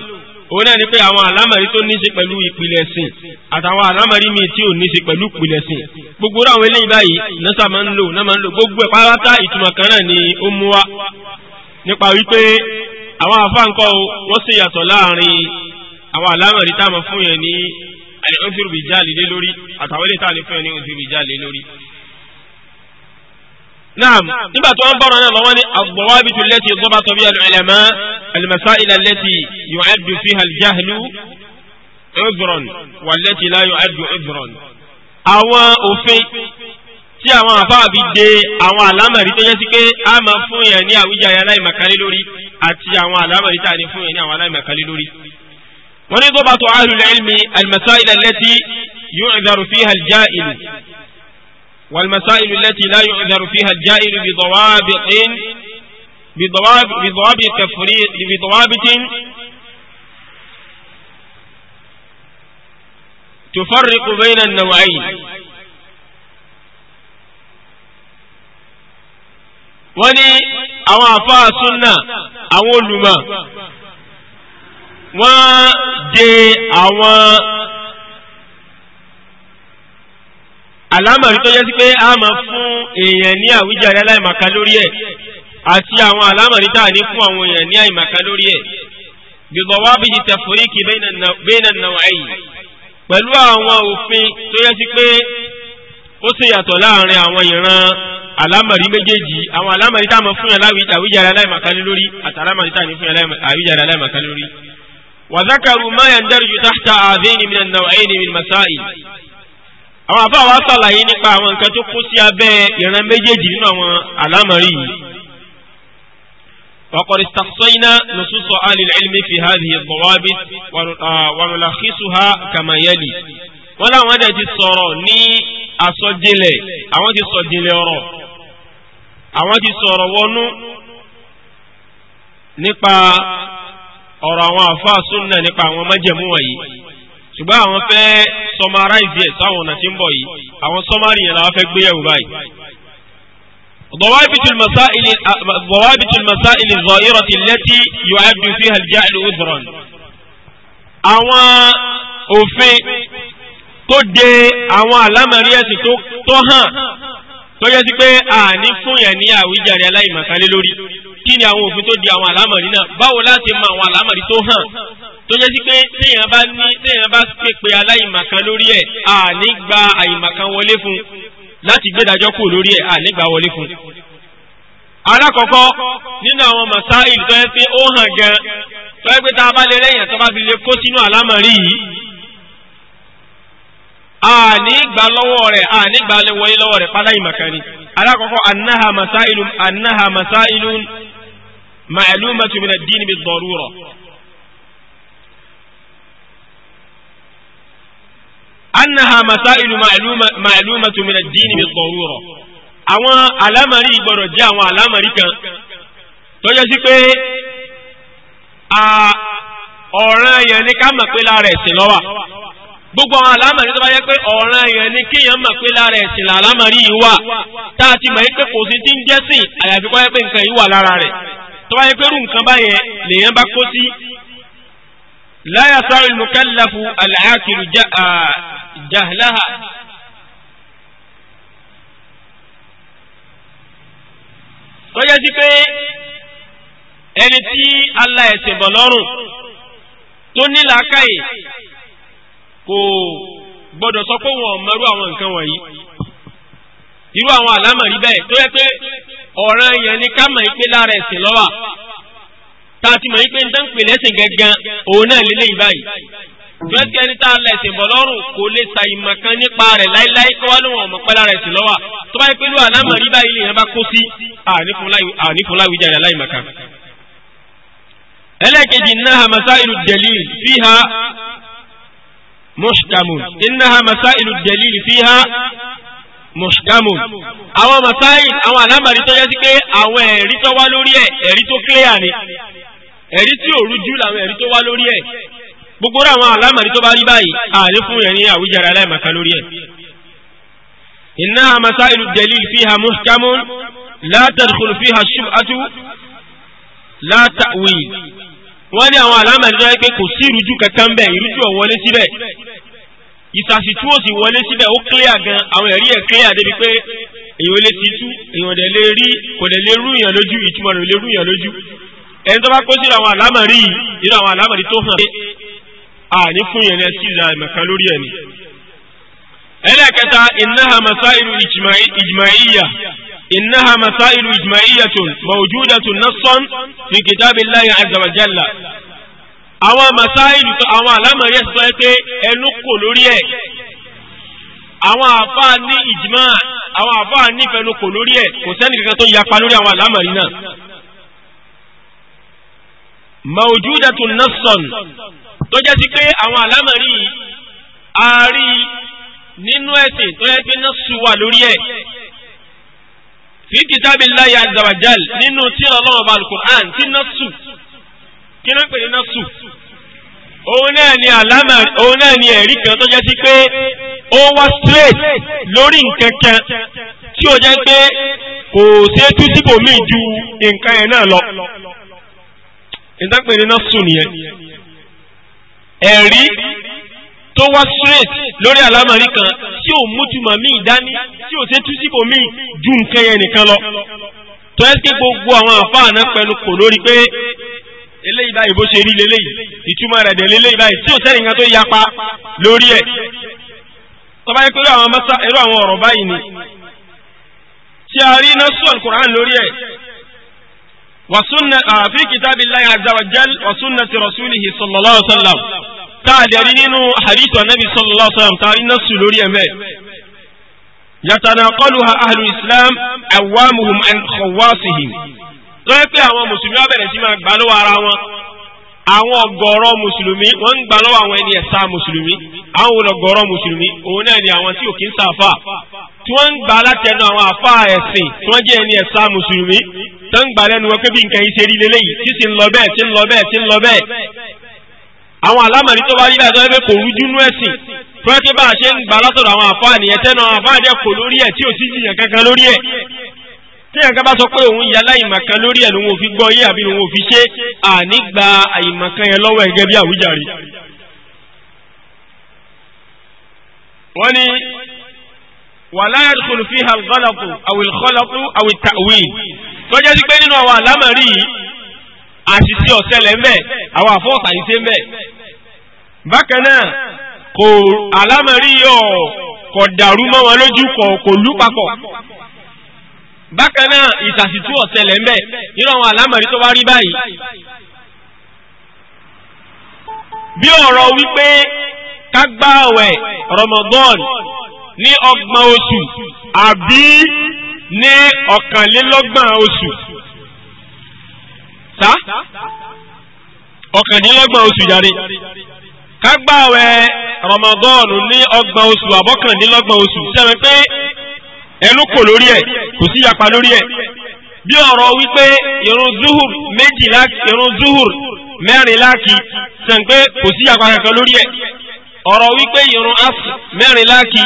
òun náà ni pé àwọn àlámọ̀rí tó ní í ṣe pẹ̀lú ìpìlẹ̀ ẹ̀sìn àtàwọn àlámọ̀rí míì tí ò ní í ṣe pẹ̀lú ìpìlẹ̀ ẹ̀sìn gbogbo àwọn eléyìí báyìí nọ́sà máa ń lò náà máa ń lò gbogbo ẹ̀ pátá ìtumọ̀ kan náà ni ó mú wá nípa wípé àwọn àfáǹkọ́ wọ́n ṣe yàtọ̀ láàrin àwọn àlámọ̀rí táwọn fún yẹn ní àlẹ́ نعم nígbà tó ń bọ̀rọ̀ náà lọ́wọ́ ní agbọ̀wábìtú lẹ́tì ìgbọ́bàtò bí alùlẹ̀mọ́ alùmọ̀sáìlà lẹ́tì yu'addu fiha aljahlu udhran wà lẹ́tì la yu'addu udhran. àwọn òfin tí àwọn àfáà fi de àwọn àlámọ̀rí tó yẹ sí pé a máa fún yẹn ní àwíjàre aláìmọ̀kálé lórí àti àwọn àlámọ̀rí tá a ní fún yẹn ní àwọn aláìmọ̀kálé lórí. wọ́n ní gbọ́bàtò ahlul ilmi alùmọ̀sáìlà lẹ́tì yu'addu fiha aljahlu والمسائل التي لا يعذر فيها الجائر بضوابط بضوابط كفرية بضوابط تفرق بين النوعين ولي أوافا سنة àfáà أو àwọn olùmọ̀ àlámọ̀rí tó jẹ́ sí pé a máa fún èèyàn ní àwíjàre aláìmọ̀kan lórí ẹ̀ àti àwọn àlámọ̀rí tá a ní fún àwọn èèyàn ní àìmọ̀kan lórí ẹ̀ gbígbọ́ wá bí tafriki bayna an-naw'ayn pẹ̀lú àwọn òfin tó jẹ́ sí pé ó sì yàtọ̀ láàrin àwọn ìran àlámọ̀rí méjèèjì àwọn àlámọ̀rí tá a máa fún yàn àwíjàre aláìmọ̀kan lórí àti àlámọ̀rí tá a ní fún àwíjàre aláìmọ̀kan lórí. وذكروا ما يندرج تحت هذين من النوعين من مسائل àwọn àbá wa sàlàyé nípa àwọn nǹkan tó kó sí abẹ́ ìran méjèèjì nínú àwọn àlámọ̀rí yìí وقد استقصينا نصوص أهل العلم في هذه الضوابط ونلخصها كما يلي ولا ودا ti sọ̀rọ̀ ní àsọjìnlẹ̀ àwọn ti sọ jìnlẹ̀ ọ̀rọ̀ àwọn ti sọ̀rọ̀ wọnú nípa ọ̀rọ̀ àwọn àfáà súnnà nípa àwọn májẹ̀mú wọ̀nyí ṣùgbọ́n àwọn fẹ́ summarize ẹ̀ sáwọn ọ̀nà tí ń bọ̀ yìí àwọn summary yẹn làwọn fẹ́ gbé yẹ̀wò báyìí. ضوابط المسائل ضوابط المسائل الظاهرة التي يعد فيها الجعل عذرا àwọn òfin tó de àwọn àlámọ̀rí ẹ̀sìn tó hàn tó yẹ sí pé àní fún yẹn ní àwíjàre aláìmọ̀kálé lórí kí ni àwọn òfin tó de àwọn àlámọ̀rí náà báwo láti mọ àwọn àlámọ̀rí tó hàn tó jẹ́ sí pé téèyàn bá ní téèyàn bá pèpè aláìmọ̀kan lórí ẹ̀ àní gba àìmọ̀kan wọlé fún láti gbẹ́dájọ́ kù lórí ẹ̀ àní gba wọlé fún. alákọ̀ọ́kọ́ nínú àwọn masáìl tó yẹ pé ó hàn gan tó yẹ pé tá a bá lè lẹ́yìn tó bá fi lè kó sínú àlámọ̀rí yìí àní gba lọ́wọ́ rẹ̀ àní gba wọlé lọ́wọ́ rẹ̀ pátá ìmọ̀kan ni. alákọ̀ọ́kọ́ annaha masáìlun annaha masáìlun ma'lumatu min ad-din أنها مسائل معلومة معلومة ad الدين بالضرورة. darura àwọn alámàrí gbọ́dọ̀ jẹ́ àwọn alámàrí kan tó yẹ sí pé ọ̀ràn yẹn ni ká mọ̀ pé lára ẹ̀sìn ló wà gbogbo àwọn alámàrí tó bá yẹ pé ọ̀ràn yẹn ni kéèyàn mọ̀ pé lára ẹ̀sìn làlámàrí yìí wà tá a ti mọ̀ pé kò sí ti ń jẹ́sìn àyàfi kọ́ yẹ pé nǹkan yìí wà lára rẹ̀ tó bá yẹ pé irú nǹkan báyẹn lèèyàn bá kó sí لا يصع المكلف العاقل جهلها tọ́jà sí pé ẹni tí Allah ẹ̀sìn bọ̀ lọ́rùn tó ní làákàyè kò gbọ́dọ̀ sọ pé wọn mọ̀rú àwọn nǹkan wọ̀nyí irú àwọn àlámọ̀rí bẹ́ẹ̀ tó yẹ pé ọ̀ràn yẹn ni ká mọ̀ ìpè lára ẹ̀sìn lọ́wà tá a ti mọ̀ wípé nítorí pé lẹ́sìn gangan òun náà lé lẹ́yìn báyìí lọ́sẹ̀ ní tá a lẹ̀sìn bọ̀ lọ́rùn kò lè ta ìmọ̀ kan nípa rẹ̀ láíláí kó wá lóun ọ̀mọ̀ pẹ́lá rẹ̀ sí lọ́wà tó bá yẹ pé lóun àlámọ̀ rí báyìí lèèyàn bá kó sí ànífúnláwí jáde aláìmọ̀kan. ẹlẹ́ẹ̀kejì náà masailu dalil fiha mushkamun innaha masailu dalil fiha mushkamun àwọn masáìl àwọn àlámọ̀ tó yẹ sí pé àwọn ẹ̀rí tó wá lórí ẹ̀ ẹ̀rí tó clear ni ẹ̀rí tí òrújú làwọn ẹ̀rí tó wá lórí ẹ̀ gbogbo àwọn alámàrí tó bá rí báyìí ààrẹ fún ẹ̀ ní aláìmọ̀ká lórí ẹ̀. إنها مسائل الدليل فيها محكم لا تدخل فيها الشبهة لا تأويل wọ́n ní àwọn alámàrí tó yẹ pé kò sí ìrújú kankan bẹ́ẹ̀ ìrújú ò wọlé síbẹ̀ ìsàsì tí ó sì wọlé síbẹ̀ ó clear gan àwọn ẹ̀rí ẹ̀ clear débi pé èèyàn lè ti tú èèyàn lè rí kò lè rú èèyàn lójú ìtumọ̀ lè rú èèyàn lójú ẹni tó bá kó sí àwọn àlámọ̀rí nínú àwọn àlámọ̀rí tó hàn pé àní fún yẹn ní ẹsíza ìmọ̀kan lórí ẹni. ẹlẹ́kẹta ìnáha masáìlú ìjìmáìyà ìnáha masáìlú ìjìmáìyà tún mọ̀júdà tún násán fi kìtàbí láyé àzàwàjálà. àwọn masáìlú tó àwọn àlámọ̀rí ẹ̀sọ́ ẹ pé ẹnu kò lórí ẹ̀ àwọn àfa ní ìjìmá àwọn àfa nífẹ̀ẹ́ lóko lórí ẹ̀ kò sẹ́nì kankan tó yapa lórí àwọn àlámọ̀rí náà mawujudatun nasson tó jẹ́ sí pé àwọn àlámọ̀rí a rí nínú ẹ̀sìn tó yẹ pé nassu wà lórí ẹ̀ fi kitabillahi azza wa jal nínú tí ọlọ́run bá al-Qur'an tí nassu kí ló ń pè ní nassu òun náà ni ẹ̀rí kan tó jẹ́ sí pé ó wá straight lórí nǹkan kan tí ó jẹ́ pé kò ṣeé tú síbòmíì ju nǹkan yẹn náà lọ ìdápẹ́ ní násù nìyẹn ẹ̀rí tó wá straight lórí àlámọ̀rí kan tí ò mójúmọ̀ míì dání tí ò ṣe tú síbò míì ju nǹkan yẹn nìkan lọ tó ẹ́ sí gbogbo àwọn àfáà náà pẹ̀lú kò lórí pé eléyìí báyìí bó ṣe rí leléyìí ìtumọ̀ rẹ̀ dẹ̀ leléyìí báyìí tí ò sẹ́ni nǹkan tó yapa lórí ẹ̀ tọ́ba yẹ pé irú àwọn ọ̀rọ̀ báyìí ni tí a rí náà sọ̀rọ̀ Kùránì lórí ẹ̀ وسنة آه في كتاب الله عز وجل وسنة رسوله صلى الله عليه وسلم تعدلين حديث النبي صلى الله عليه وسلم تعدلين السلوري أمي يتناقلها أهل الإسلام أوامهم عن خواسهم tọ́yẹ́pẹ́ àwọn mùsùlùmí wá bẹ̀rẹ̀ sí máa gbà lọ́wọ́ ara wọn àwọn ọ̀gọ̀rọ̀ mùsùlùmí wọ́n ń gbà lọ́wọ́ àwọn ẹni ẹ̀sà mùsùlùmí àwọn ọ̀gọ̀rọ̀ mùsùlùmí òun náà ni àwọn tí ò tí wọ́n ń gbà látẹnu àwọn àfa ẹ̀sìn tí wọ́n jẹ́ ẹni ẹ̀sà mùsùlùmí tó ń gbà lẹ́nu wọn pé bí nǹkan yìí ṣe rí leléyìí tí sì ń lọ bẹ́ẹ̀ tí ń lọ bẹ́ẹ̀ tí ń lọ bẹ́ẹ̀. àwọn alámọ̀rí tó bá rí dáadáa pé kò rújú nú ẹ̀sìn fúnẹ́tì bá a ṣe ń gbà látọ̀dọ̀ àwọn àfa nìyẹn tẹ́nu àwọn àfa àdẹ́ kò lórí ẹ̀ tí ò sí jiyàn kankan lórí ẹ̀ tí yàn kan bá sọ pé òun ya láìmọ̀kan lórí ẹ̀ lòun ò fi gbọ́ yé àbí lòun ò fi ṣe ànígbà àìmọ̀kan yẹn lọ́wọ́ ẹ̀gẹ́ bí wala yadkhulu fiha al-ghalatu aw al-khalatu aw at-ta'wil tó jẹ́ sí pé nínú àwọn àlámọ̀rí yìí àṣìṣe ọ̀sẹ̀lẹ̀ ń bẹ̀ àwọn àfọ́ọ̀sà yìí ṣe ń bẹ̀. bákan náà kò àlámọ̀rí yọ kò dàrú mọ́ wọn lójú kò kò lú papọ̀. bákan náà ìṣàṣìtú ọ̀sẹ̀lẹ̀ ń bẹ̀ nínú àwọn àlámọ̀rí tó wá rí báyìí. bí ọ̀rọ̀ wípé ká gbààwẹ̀ Ramadan ní ọgbọ̀n oṣù àbí ní ọ̀kànlélọ́gbọ̀n oṣù tá ọ̀kànlélọ́gbọ̀n oṣù yàrí kágbàwẹ̀ rọmọgọ́ọ̀nù ní ọgbọ̀n oṣù àbọ́kànlélọ́gbọ̀n oṣù sẹ́wọ̀n pé ẹnu kò lórí ẹ̀ kò sí yapa lórí ẹ̀ bí ọ̀rọ̀ wípé irun zuhur méjìlá irun zuhur mẹ́rìnlá kì sẹ́wọ̀n pé kò sí yapa kankan lórí ẹ̀ ọ̀rọ̀ wípé irun asù mẹ́rin láàkì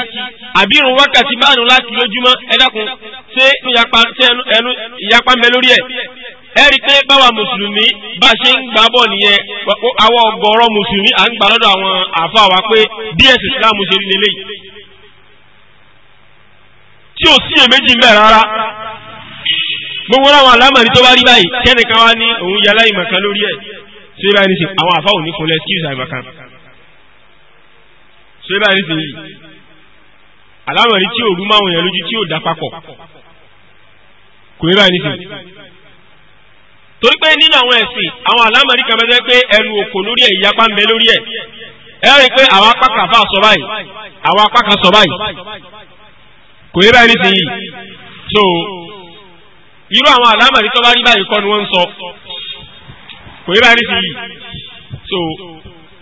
àbí irun wákàtí báànù láàkì lójúmọ́ ẹ dákun ṣé ẹnu ìyapa ń bẹ lórí ẹ̀ ẹ rí i pé báwa mùsùlùmí bá ṣe ń gbà bọ̀ nìyẹn àwọn ọ̀gọ̀rọ̀ mùsùlùmí à ń gbà lọ́dọ̀ àwọn àfa wa pé bí ẹ̀sìn Islam ṣe rí lélẹ́yìí tí ò sí èméjì ń bẹ rárá gbogbo àwọn alámọ̀rí tó bá rí báyìí kẹ́nìkan wá ní òun yálà ìmọ̀kan lórí ẹ̀ ṣé báyìí ní sè àwọn àfa ò ní fún lẹ́skíùs àìmọ̀kan ṣé báyìí nísìnyí alámọ̀rí tí òru máa wọ̀nyẹn lójú tí ò dá papọ̀ kò yẹ báyìí nísìnyí torí pé nínú àwọn ẹ̀sìn àwọn alámọ̀rí kan bẹ́ẹ̀ pé ẹnu òkò lórí ẹ̀ ìyapa ń bẹ lórí ẹ̀ ẹ rí i pé àwọn apá kan àfa sọ báyìí àwọn apá kan sọ báyìí kò yẹ báyìí nísìnyí so irú àwọn alámọ̀rí tó bá rí báyìí kọ́ ni wọ́n ń sọ kò yẹ báyìí nísìnyí so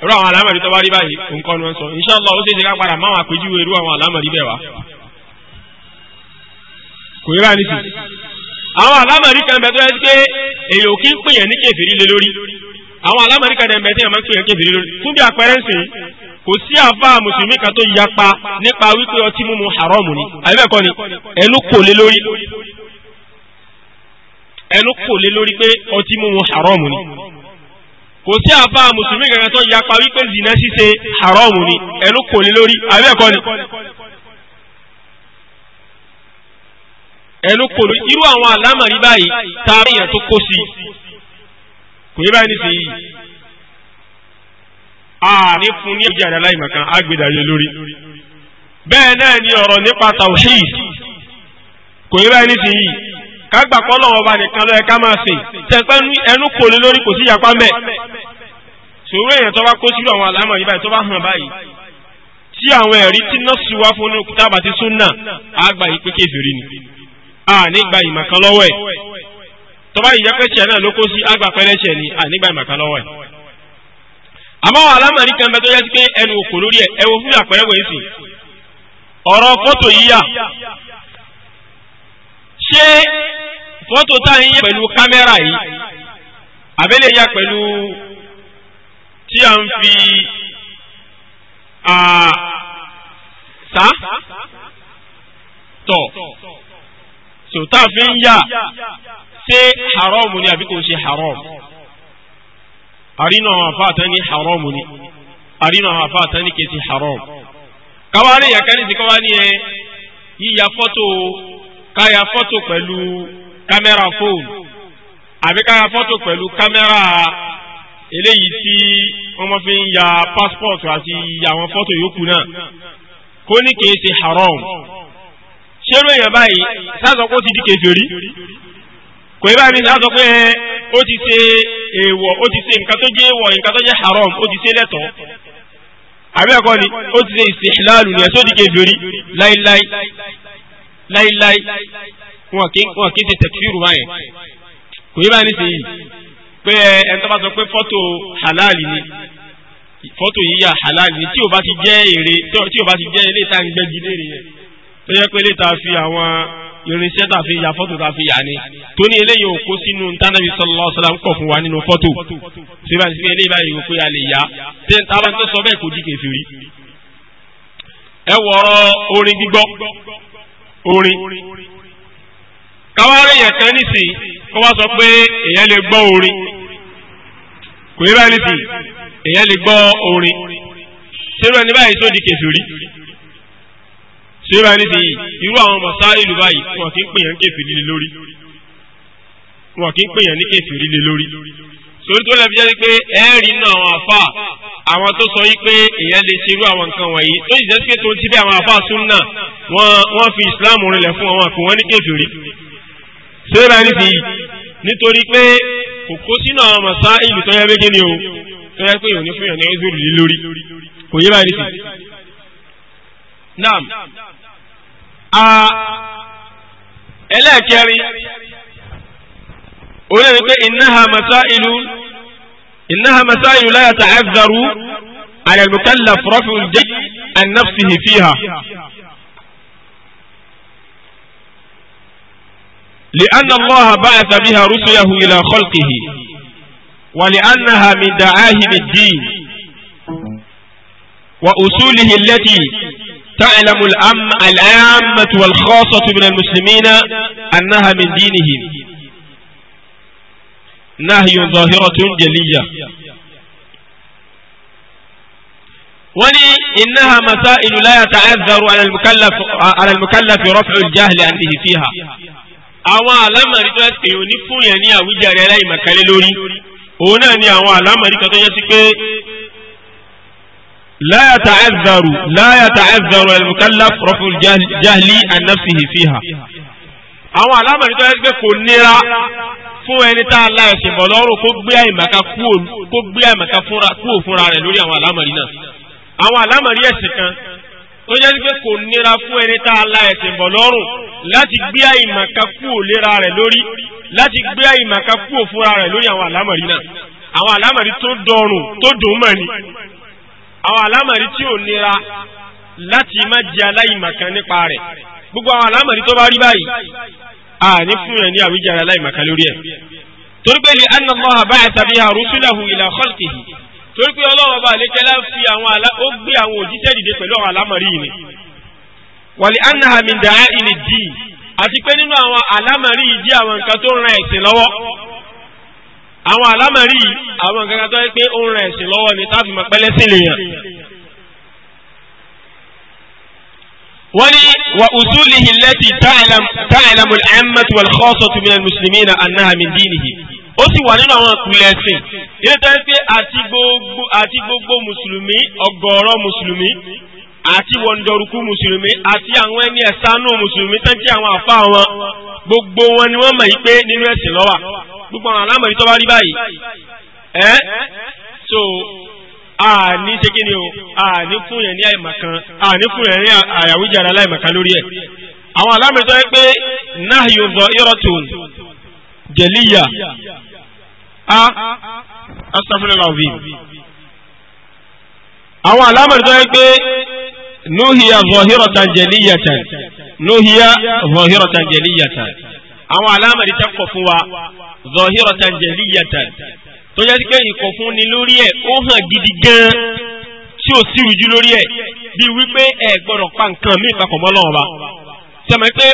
irú àwọn alámọ̀rí tó bá rí báyìí nǹkan ni wọ́n sọ inṣàlá ó ṣeéṣe ká padà máa àpèjúwe irú àwọn alámọ̀rí bẹ́ẹ̀ wá. kò yẹ báyìí nìsí. àwọn alámọ̀rí kan bẹ tó yẹ pé èyí ò kí ń pèyàn ní kèfèrí lé lórí àwọn alámọ̀rí kan bẹ tí yẹn máa ń pèyàn kèfèrí lórí fún bí àpẹẹrẹ ńsìn kò sí àfa mùsùlùmí kan tó yapa nípa wípé ọtí mímu haram ni àbí ẹnu kò lé lórí pé ọtí mímu haram ni kò sí àbá mùsùlùmí kankan tó yapa wípé zina ṣíṣe haramu ni ẹnu kò lé lórí àbí ẹ̀kọ́ ni. ẹnu kò lórí irú àwọn àlámà yìí báyìí tá a yàn tó kó sí kò yé báyìí nísìnyí. a fún ní ẹ̀jẹ̀ àdá láì màkàn á lórí. bẹ́ẹ̀ náà ni ọ̀rọ̀ nípa tawhid kò yé báyìí nísìnyí. kágbà kọ́ ọba nìkan ló yẹ ká máa sìn tẹ̀pẹ́ ẹnu kò lé lórí kò sí yapa mẹ́ sòwúrò èèyàn tó bá kó sírò àwọn àlámọ̀ yìí báyìí tó bá hàn báyìí tí àwọn ẹ̀rí tí náà sì wá fún òkúta àbàtí súnà àgbà yìí pé ni a nígbà ni a nígbà ìmọ̀kan lọ́wọ́ ẹ̀ àmọ́ àwọn àlámọ̀ yìí kan bẹ tó yẹ sí pé ẹnu òkò lórí ẹ wo fún àpẹẹrẹ wẹ̀ ṣé fọ́tò tá à ń yẹ pẹ̀lú kámẹ́rà yìí àbẹ́lẹ̀ yà pẹ̀lú tí a ń fi sá tọ̀ sòtá fi ń yà ṣé haram ni àbí kò ṣe haram àrínà àwọn àfáàtà ní haram ni àrínà àwọn àfáàtà ní kìí ṣe haram káwárí yà kẹ́lí sí káwá ní ẹ yíya fọ́tò ká ya fọ́tò pẹ̀lú kámẹ́rà fóònù àbí ká ya fọ́tò pẹ̀lú kámẹ́rà eléyìí tí wọ́n máa fi ń ya passport àti àwọn fọ́tò yòókù náà kó ní kìí ṣe haram ṣérò èèyàn báyìí sáàsọ pé ó ti di kèfèrí kò yí báyìí sáàsọ pé ó ti ṣe èèwọ̀ ó ti ṣe nǹkan tó jẹ́ èèwọ̀ nǹkan tó jẹ́ haram ó ti ṣe lẹ́tọ̀ọ́ àbí ẹ̀kọ́ ni ó ti ṣe ìsìláàlù ni ẹ̀ tó di kèfèrí láíláí láíláí wọn kì í ṣe tẹ̀kfíìrù báyẹn kò yé báyìí nísìnyí pé ẹni tó bá sọ pé fọ́tò halal ni fọ́tò yíyà halal ni tí o bá ti jẹ́ èrè tí o bá ti jẹ́ ilé ìta ń gbẹ́gi léèrè yẹn tó yẹ pé léta fi àwọn irinṣẹ́ tá a fi ya fọ́tò tá a fi yà ni tó ní eléyìí ò kó sínú ntánàbí sallallahu alaihi ń kọ̀ fún wa nínú fọ́tò síbẹ̀ síbẹ̀ eléyìí báyìí wò pé lè yá tẹ́ ta ń tó sọ bẹ́ẹ̀ kò jí kèfèrí. ẹ wọ̀rọ̀ orin gbígbọ́ orin káwárí èèyàn kan nísìnyí kó wá sọ pé èèyàn lè gbọ́ orin kò yẹ báyìí nísìnyí èèyàn lè gbọ́ orin ṣérú ẹni báyìí tó di kèfèrí ṣérú ẹni nísìnyí irú àwọn mọ̀sá ìlú báyìí wọn kì í pè yàn kèfèrí lé lórí wọn kì í pè ní kèfèrí lé lórí sórí tó lẹ́bi jẹ́ pé ẹ̀ẹ́rì náà àwọn àfáà àwọn tó sọ yí pé èèyàn lè ṣerú àwọn nǹkan wọ̀nyí tó ìjẹ́ sí pé tó ń ti bí àwọn àfáà súnà wọ́n fi islam rinlẹ̀ fún àwọn àpò wọn ní kèfèrí sóra ní ti nítorí pé kò kó sínú àwọn màsá ìlú tó yẹ kí ni o tó yẹ pé òní fún yàn ní ẹzúrù lé lórí kò yé báyìí sí. naam ẹlẹ́ẹ̀kẹrin òun náà ni pé innaha masailu. إنها مسائل لا يتعذر على المكلف رفع الجد عن نفسه فيها لأن الله بعث بها رسله إلى خلقه ولأنها من دعاهم الدين وأصوله التي تعلم الأم العامة والخاصة من المسلمين أنها من دينهم nahyun zahiratun jaliyya wọ́n ní innaha masailu la yata'azzaru ala al-mukallafi ala al-mukallafi raf'u al-jahli annihi fiha àwọn àlámọ̀rí tó ẹsẹ̀ òní fún yẹn ní àwíjàre aláìmọ̀kálẹ́ lórí òun náà ni àwọn àlámọ̀rí kan tó yẹ sí pé la yata'azzaru la yata'azzaru al-mukallaf raf'u al-jahli an nafsihi fiha àwọn àlámọ̀rí tó yẹ sí pé nira fún ẹni tá a la ẹ̀sìn bọ̀ lọ́rùn kó gbé àìmọ̀ká kó gbé àìmọ̀ká kúò fúnra rẹ̀ lórí àwọn àlámọ̀rí náà àwọn àlámọ̀rí ẹ̀sìn kan tó jẹ́ pé kò nira fún ẹni tá a la ẹ̀sìn bọ̀ lọ́rùn láti gbé àìmọ̀ká kúò lera rẹ̀ lórí láti gbé àìmọ̀ká kúò fúnra rẹ̀ lórí àwọn àlámọ̀rí náà àwọn àlámọ̀rí tó dọrùn tó dùn mọ̀ ni àwọn àlámọ̀rí tí ò nira láti má jẹ́ aláìmọ̀kan nípa rẹ̀ gbogbo àwọn àlámọ̀rí tó bá rí báyìí a ní fún yẹn ní àwíjàre aláìmọ̀ká lórí ẹ̀ torí pé lè anna Allah ba'atha biha rusulahu ila khalqihi torí pé ọlọ́run ọba àlékẹ́lá fi àwọn àlá ó gbé àwọn òjíṣẹ́ dìde pẹ̀lú àwọn àlámọ̀rí yìí ni wa li annaha min da'a'ini ddin àti pé nínú àwọn àlámọ̀rí yìí jẹ́ àwọn nǹkan tó ń ran ẹ̀sìn lọ́wọ́ àwọn àlámọ̀rí yìí àwọn nǹkan tó ń ran ẹ̀sìn lọ́wọ́ ni táàfin mọ̀ pẹ́lẹ́sìn lèèyàn wọ́n ní wà usulihi allati ta'lamu al-ammatu wal-khassatu min al-muslimina annaha min dinihim ó sì wà nínú àwọn ìpìlẹ̀ ẹ̀sìn ilé tó ń pé àti gbogbo àti gbogbo mùsùlùmí ọgọ́rọ̀ mùsùlùmí àti wọ̀ndọ̀rùkú mùsùlùmí àti àwọn ẹni ẹ̀sánú mùsùlùmí tán tí àwọn àfa wọn gbogbo wọn ni wọ́n mọ̀ yí pé nínú ẹ̀sìn ló wà gbogbo àwọn alámọ̀rí tó bá rí báyìí ẹ́ so àní ṣe kí ni o àní fún yẹn ní àìmọ̀kan àní fún yẹn ní àyàwíjàrá aláìmọ̀kan lórí ẹ̀ àwọn alámìtọ́ yẹ pé nahyu dha'iratun jẹ̀líyà a astaghfirullah azim àwọn alámìtọ́ yẹ pé nuhiya dhahiratan jẹ̀líyàtàn nuhiya dhahiratan jẹ̀líyàtàn àwọn alámìtọ́ kọ̀ fún wa dhahiratan jẹ̀líyàtàn. tó yẹ kí ìkọ̀ fún ni lórí ẹ̀ ó hàn gidi gan tí ò sí ìrújú lórí ẹ̀ bí wípé ẹ̀ gbọ́dọ̀ pa nǹkan mí ìpapọ̀ mọ́ ọlọ́run ọba sọmọ pé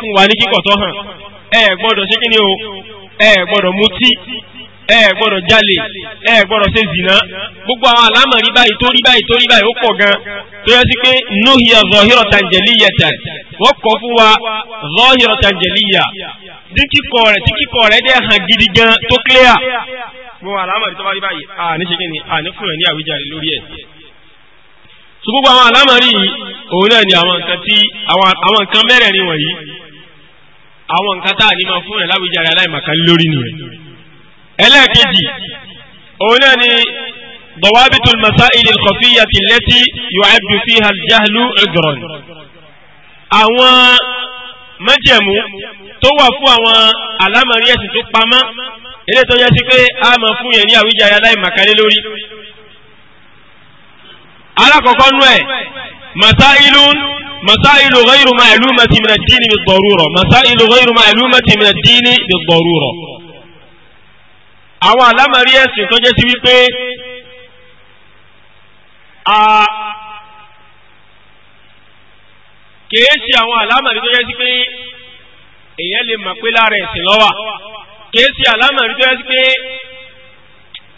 fún wa ní kíkọ̀ tó hàn ẹ o ẹ gbọ́dọ̀ mutí ẹ gbọ́dọ̀ jalè gbọ́dọ̀ ṣe zìnà gbogbo àwọn báyìí tó rí báyìí gan tó yẹ wọ́n fún wa ní kíkọ rẹ̀ tí kíkọ rẹ̀ dẹ́ hàn gidi gan tó clear gbogbo àlámọ̀rí tó bá rí báyìí à ní ṣe kí ni à ní fún ẹ̀ ní àwíjàre lórí ẹ̀ so gbogbo àwọn àlámọ̀rí yìí òun náà ni àwọn nǹkan tí àwọn nǹkan mẹ́rẹ̀ẹ̀rin wọ̀nyí àwọn nǹkan tá à ní máa fún ẹ̀ láwíjàre aláìmọ̀kan lórí nìyẹn ẹlẹ́ẹ̀kejì òun náà ni ضوابط المسائل الخفية التي يعد فيها الجهل عذرا àwọn májẹ̀mú tó wà fún àwọn àlámọ̀rí ẹ̀sìn tó pamọ́ ilé tó yẹ sí pé a mọ̀ fún yẹn ní àwíjàre aláìmàkálé lórí. alákọ̀ọ́kọ́ nú ẹ̀ masailu masailu ghayru ma'lumati min ad-dini bid-darura masailu ghayru ma'lumati min ad-dini bid-darura. àwọn àlámọ̀rí ẹ̀sìn tó jẹ́ sí wípé kìí ṣe àwọn àlámọ̀rí tó yẹ sí pé èèyàn lè mọ̀ pé lára ẹ̀sìn lọ́wà kìí ṣe àlámọ̀rí tó yẹ sí pé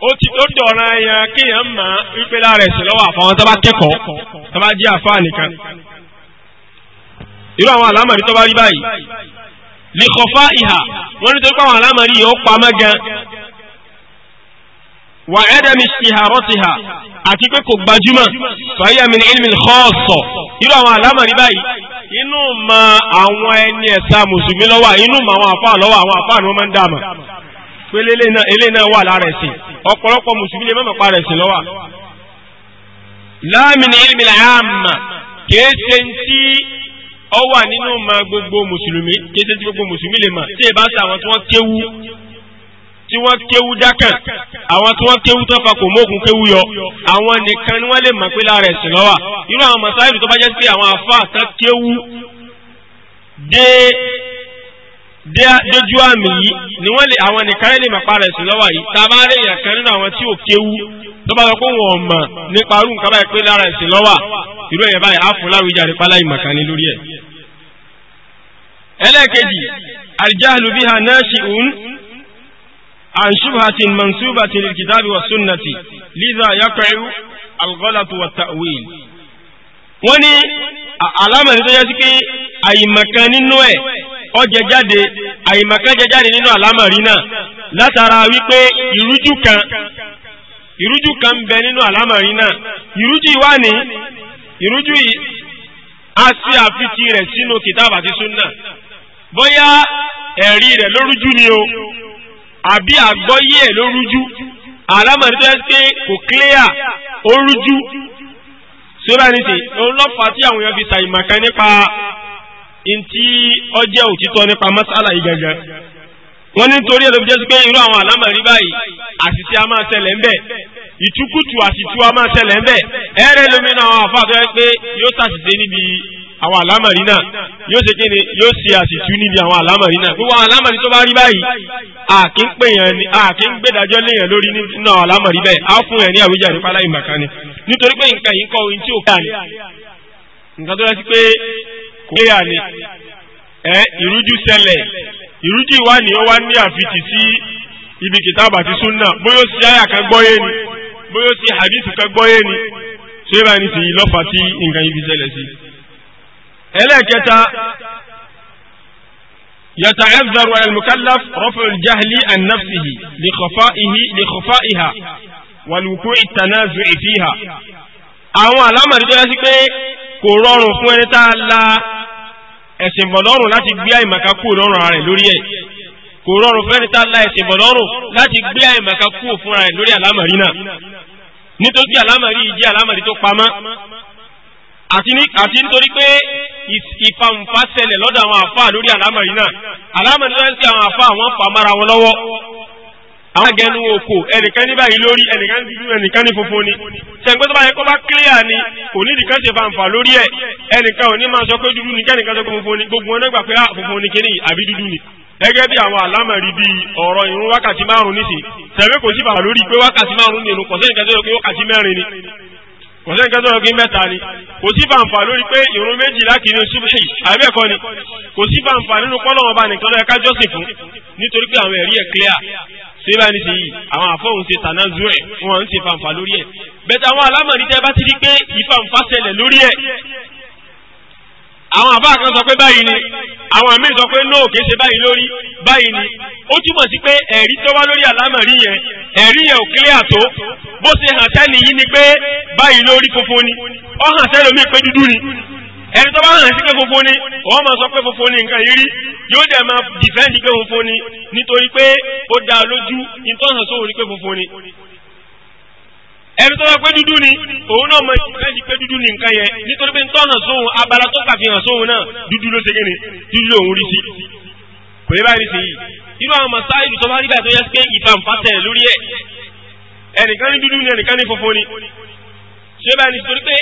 ó ti ó dọ̀ràn ẹ̀yàn kéèyàn mọ̀ wípé lára ẹ̀sìn lọ́wà àfọwọ́n tó bá kẹ́kọ̀ọ́ tó bá jẹ́ àfáà nìkan. irú àwọn àlámọ̀rí tó bá rí báyìí lè kọ̀fá ìhà wọ́n nítorí pé àwọn àlámọ̀rí yìí ó pamọ́ gan-an wà ẹ́dẹ̀mí ṣìhàrọ́tìhà àti pé kò gbajúmọ̀ fàyàmì ní ilmi khassa irú àwọn àlámọ̀rí báyìí inú ma àwọn ẹni ẹ̀sà mùsùlùmí lọ́wọ́ inú ma àwọn àfáà lọ́wọ́ àwọn àfáà ni wọ́n máa ń dààmú pé lélẹ́ náà wà lára ẹ̀sìn ọ̀pọ̀lọpọ̀ mùsùlùmí lè mọ̀mọ̀ para ẹ̀sìn lọ́wọ́ láàmì ní ilmi làámà tí ó wà nínú ma gbogbo mùsùlùmí kìí tí gbogbo mùsùlùmí lè mà tí ì tí wọ́n kéwú jákàn àwọn tí wọ́n kéwú tán fakò mọ́kùn kéwú yọ àwọn nìkan ni wọ́n lè mọ̀ pé lára ẹ̀sìn lọ́wà inú àwọn masáìlú tó bá jẹ́ sí àwọn afá tán kéwú dé dójú àmì yìí ni wọ́n lè àwọn nìkan lè mọ̀ para ẹ̀sìn lọ́wà yìí tá a bá kan nínú àwọn tí ò kéwú tó bá sọ pé wọn mọ̀ nípa irú nǹkan báyìí pé lára ẹ̀sìn lọ́wà irú ẹ̀yẹ báyìí á láwùjáde pálá ìmọ̀kánni lórí ẹ̀. ẹlẹ́ẹ̀kejì àlìjáàlú bíi hànáṣì òun عن شبهة منسوبة للكتاب والسنة لذا يقع الغلط والتأويل وني علامة تجاسكي أي مكان نوى ọjẹ jáde àìmọ̀kan jẹ jáde nínú àlámọ̀rí náà látara wípé ìrújú kan ìrújú kan bẹ nínú àlámọ̀rí náà ìrújú ìwá ní ìrújú yìí a sí àfitì rẹ̀ sínú kìtàbà àti súnà bóyá ẹ̀rí rẹ̀ lórújú ni o àbí àgbọ́yé ẹ̀ ló rújú àlámọ̀rí tó yẹ pé kò clear ó rújú sórí àníṣe òun lọ́fà tí àwọn èèyàn fi ṣàìmọ̀kan nípa ntí ọjẹ́ òtítọ́ nípa masala yìí gangan wọ́n ní torí ẹ̀lọ́bí jẹ́ sí pé irú àwọn àlámọ̀rí báyìí àṣìṣe a máa ṣẹlẹ̀ ń ìtukùtù àṣìṣe a máa ṣẹlẹ̀ ń bẹ̀ ẹ̀rẹ́ lómìnira àwọn àfáà tó pé yóò ṣàṣìṣe níbi àwọn àlámọ̀rí náà yóò ṣe kí ni yóò ṣe àṣìtú níbi àwọn àlámọ̀rí náà gbogbo àwọn àlámọ̀rí tó bá rí báyìí àkí ń pè yàn ni àkí ń gbẹ́dájọ́ léèyàn lórí nínú àwọn àlámọ̀rí bẹ́ẹ̀ á fún yàn ní àwíjàre pálá ìmàkà ni nítorí pé nǹkan yìí kọ́ ohun tí ò ká ni nǹkan tó yẹ sí pé kò léyà ni ẹ ìrújú ṣẹlẹ̀ ìrújú ìwá ni ó wá ní àfitì sí ibi kìtàbà àti súnà bóyá ó sì àyà kan gbọ́yé ni bóyá ó sì hadith kan gbọ́yé ni ṣé báyìí ní ti ìlọ́fà tí nǹkan yìí fi ṣẹlẹ̀ sí i ẹlẹ́ẹ̀kẹta يتعذر على المكلف رفع الجهل عن نفسه لخفائه لخفائها والوقوع التنازع فيها àwọn àlámọ̀rí tó yẹ sí pé kò rọrùn fún ẹni tá a la ẹ̀sìn bọ̀lọ́rùn láti gbé àìmọ̀ká kúrò lọ́rùn ara rẹ̀ lórí ẹ̀ kò rọrùn fún ẹni la ẹ̀sìn bọ̀lọ́rùn láti gbé àìmọ̀ká kúrò fún ara lórí àlámọ̀rí náà nítorí àlámọ̀rí yìí jẹ́ àlámọ̀rí tó pamọ́ àti nítorí pé ìfàǹfà ṣẹlẹ̀ lọ́dọ̀ àwọn àfáà lórí àlámọ̀rí náà àlámọ̀rí náà ń àwọn àfáà wọn fà mára wọn lọ́wọ́ àwọn agẹnu oko ẹnìkan ní báyìí lórí ẹnìkan ní dúdú ẹnìkan ní funfun ni ṣẹ̀ǹpẹ́ tó bá yẹ kó bá kílíà ni kò ní ìdíkan ṣe fàǹfà lórí ẹ̀ ẹnìkan ò ní máa sọ pé dúdú ni kẹ́nìkan sọ pé funfun ni gbogbo wọn náà gbà pé ah, funfun ni kíní àbí dúdú ni gẹ́gẹ́ bí àwọn àlámọ̀rí bí ọ̀rọ̀ ìrun wákàtí márùn-ún nísìn tẹ̀wé kò sí fàǹfà lórí pé wákàtí márùn-ún nìyẹn kọ̀sẹ́nìkan tó yẹ pé wákàtí mẹ́rin ni kò sẹ́ni kẹ́tọ́ ọ̀gbìn mẹ́ta ni kò sí fàǹfà lórí pé ìrun méjì lákìrí ṣubúṣì àbẹ́ẹ̀kọ́ ni kò sí fàǹfà nínú pọ́lọ́wọ́n bá nìkan lọ́yẹ kájọ́sìn fún nítorí pé àwọn ẹ̀rí ẹ̀ clear ṣé bá ní ṣe yìí àwọn àfọ̀hún ṣe tàná zu ẹ̀ wọn ń ṣe fàǹfà lórí ẹ̀ bẹ́ẹ̀ àwọn alámọ̀rí tẹ́ bá ti rí pé ìfàǹfà ṣẹlẹ̀ lórí ẹ̀ àwọn àbá kan sọ pé báyìí ni àwọn míì sọ pé nóò kìí ṣe báyìí lórí báyìí ni ó túmọ̀ sí pé ẹ̀rí tó wá lórí àlámọ̀rí yẹn ẹ̀rí yẹn ò clear tó bó ṣe hàn sẹ́ni yìí ni pé báyìí lórí funfun ni ó hàn sẹ́ni omi pé dúdú ni ẹni tó bá hàn sí pé funfun ni wọ́n máa sọ pé funfun ni nǹkan yìí rí yóò dẹ̀ máa dìfẹ́ǹdì pé funfun ni nítorí pé ó dá lójú ìtọ́hàn sóhun ni pé funfun ni ẹni tó bá pé dúdú ni òun náà mọ ìṣẹ́jì pé dúdú ni nǹkan yẹn nítorí pé ń tọ́nà sóhun abala tó kàfihàn sóhun náà dúdú ló ṣe kéde dúdú lòun rí sí kò yẹ báyìí nìyí irú àwọn màsá ibi tó bá rí báyìí tó yẹ pé ìfàǹfà tẹ̀ lórí ẹ̀ ẹnìkan ní dúdú ni ẹnìkan ní funfun ni ṣé báyìí nítorí pé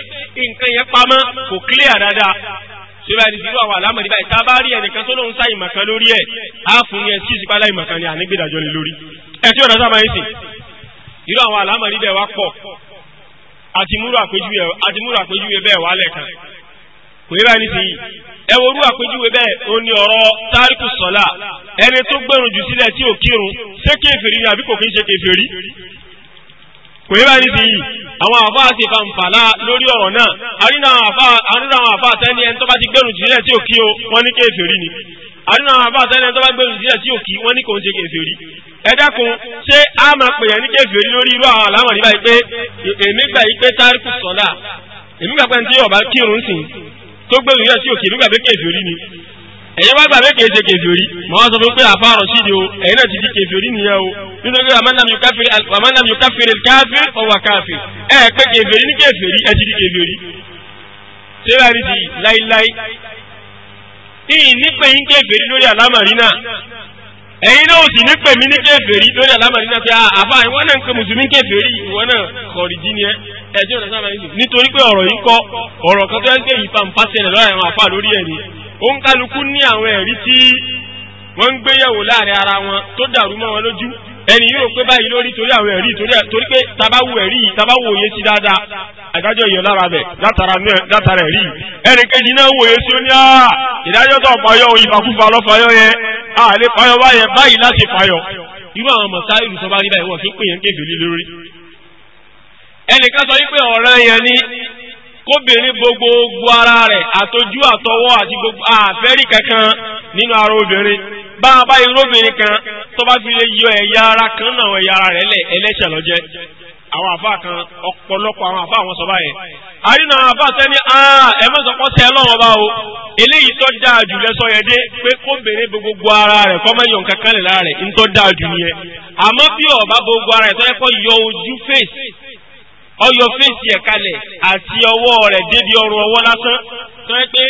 nǹkan yẹn pamọ́ kò clear dáadáa ṣé báyìí nítorí àwọn àlámọ̀rí báyìí tá a bá rí ẹnìkan tó lóun sáì màkan lórí ẹ̀ á fún yẹn sí ìsìpá láì màkan ni ànígbèdàjọ́ lé lórí ẹ̀ tí ò irú àwọn àlámọ̀rí bẹ́ẹ̀ wá pọ̀ àti múrò àpéjúwe àti múrò àpéjúwe bẹ́ẹ̀ wá lẹ́ẹ̀kan kò yẹ báyìí nísìnyí ẹ wo orú àpéjúwe bẹ́ẹ̀ ó ní ọ̀rọ̀ táríkù sọ́lá ẹni tó gbẹ̀rùn jù sílẹ̀ tí ò kírun ṣé kéferì ni àbí kò kí ń ṣe kéferì kò yẹ báyìí nísìnyí àwọn àfa àti fanfàlà lórí ọ̀rọ̀ náà àrínà àwọn àfa àtẹni ẹni tó bá ti gbẹ̀rùn jù sílẹ̀ tí ò kí o wọ́n ní kéferì ni àrínà àwọn àfa àtẹni ẹni tó bá gbẹ̀rùn jù sílẹ̀ tí ò kí wọ́n ní kò ń ṣe kéferì ẹ dákun ṣé a máa pè yẹn ní kèfèrí lórí irú àwọn àlámọ̀ nígbà yìí pé èmi gbà yìí pé táríkù sọ́lá èmi gbà pé ní tí yóò bá kírun sìn tó gbé òun yẹ sí òkè èmi gbà pé kèfèrí ni ẹ̀yin wá gbà pé kèé ṣe kèfèrí mọ́ wá sọ fún pé àfa àròsídìí o ẹ̀yin náà ti di kèfèrí nìyẹn o nítorí àmàlàm yóò káfíìrì káfíìrì ọwà káfíìrì ẹ̀ pé kèfèrí ní kèfèrí ẹ̀ ti di kèfèrí ṣé wàá rí ti láíláí ìyìn nípe yín kèfèrí lórí àlámọ̀rí náà ẹ̀yin náà sì ní pèmí ní lori lórí àlámàrí náà pé ah, àbá ìwọ́n náà ń pe mùsùlùmí kèfèrí ìwọ́n náà kọ̀rìjì ni ẹ ẹjọ́ ìrẹsà máa ń sùn nítorí pé ọ̀rọ̀ yìí kọ́ ọ̀rọ̀ kan tó ń gbé ìfà lọ́wọ́ àwọn lórí ẹ̀rí kálukú ara wọn tó dàrú mọ́ wọn lójú ẹni yóò pé báyìí lórí torí àwọn ẹ̀rí torí pé tabawo ẹ̀rí tabawo òye sí dáadáa àdájọ́ yìí lára bẹ̀ látara ẹ̀rí ẹni kejì náà wòye sí ó ní à ìdájọ́ tó fayọ ìfàkúfà lọ́fayọ yẹn à lè fayọ báyẹn báyìí láti fayọ irú àwọn mọ̀tá ìlú sọ bá rí báyìí wọ́n fi ń pè yẹn kébìlì lórí ẹnìkan sọ wípé ọ̀ràn yẹn ni kóbìnrin gbogbogbò ara rẹ̀ àtọjú àtọwọ́ àti gbogbo àfẹ́rí kankan nínú ara obìnrin bá a bá irúbìnrin kan tó bá fi lè yọ ẹ̀yà ara kan náà ẹ̀yà ara rẹ̀ lẹ̀ ẹlẹ́ṣẹ̀ lọ́jẹ́ àwọn àfa kan ọ̀pọ̀lọpọ̀ àwọn àfa àwọn sọ́ba yẹn àyínà àwọn àfa sẹ́ni ẹ má sọ pé ọ̀sẹ̀ lọ́wọ́ bá o eléyìí tó dáa jù lẹ́sọ yẹn dé pé kóbìnrin gbogbo ara rẹ̀ kọ́mọ́yọ̀ nǹkan kan lè lára rẹ̀ ń tó dáa jù nìyẹn àmọ́ bí ọ̀bá gbogbo ara rẹ̀ tó yẹ kó yọ ojú fèsì ọyọ fèsì ẹ̀ kalẹ̀ àti ọwọ́ rẹ̀ débi ọrùn ọwọ́ lásán tó yẹ pé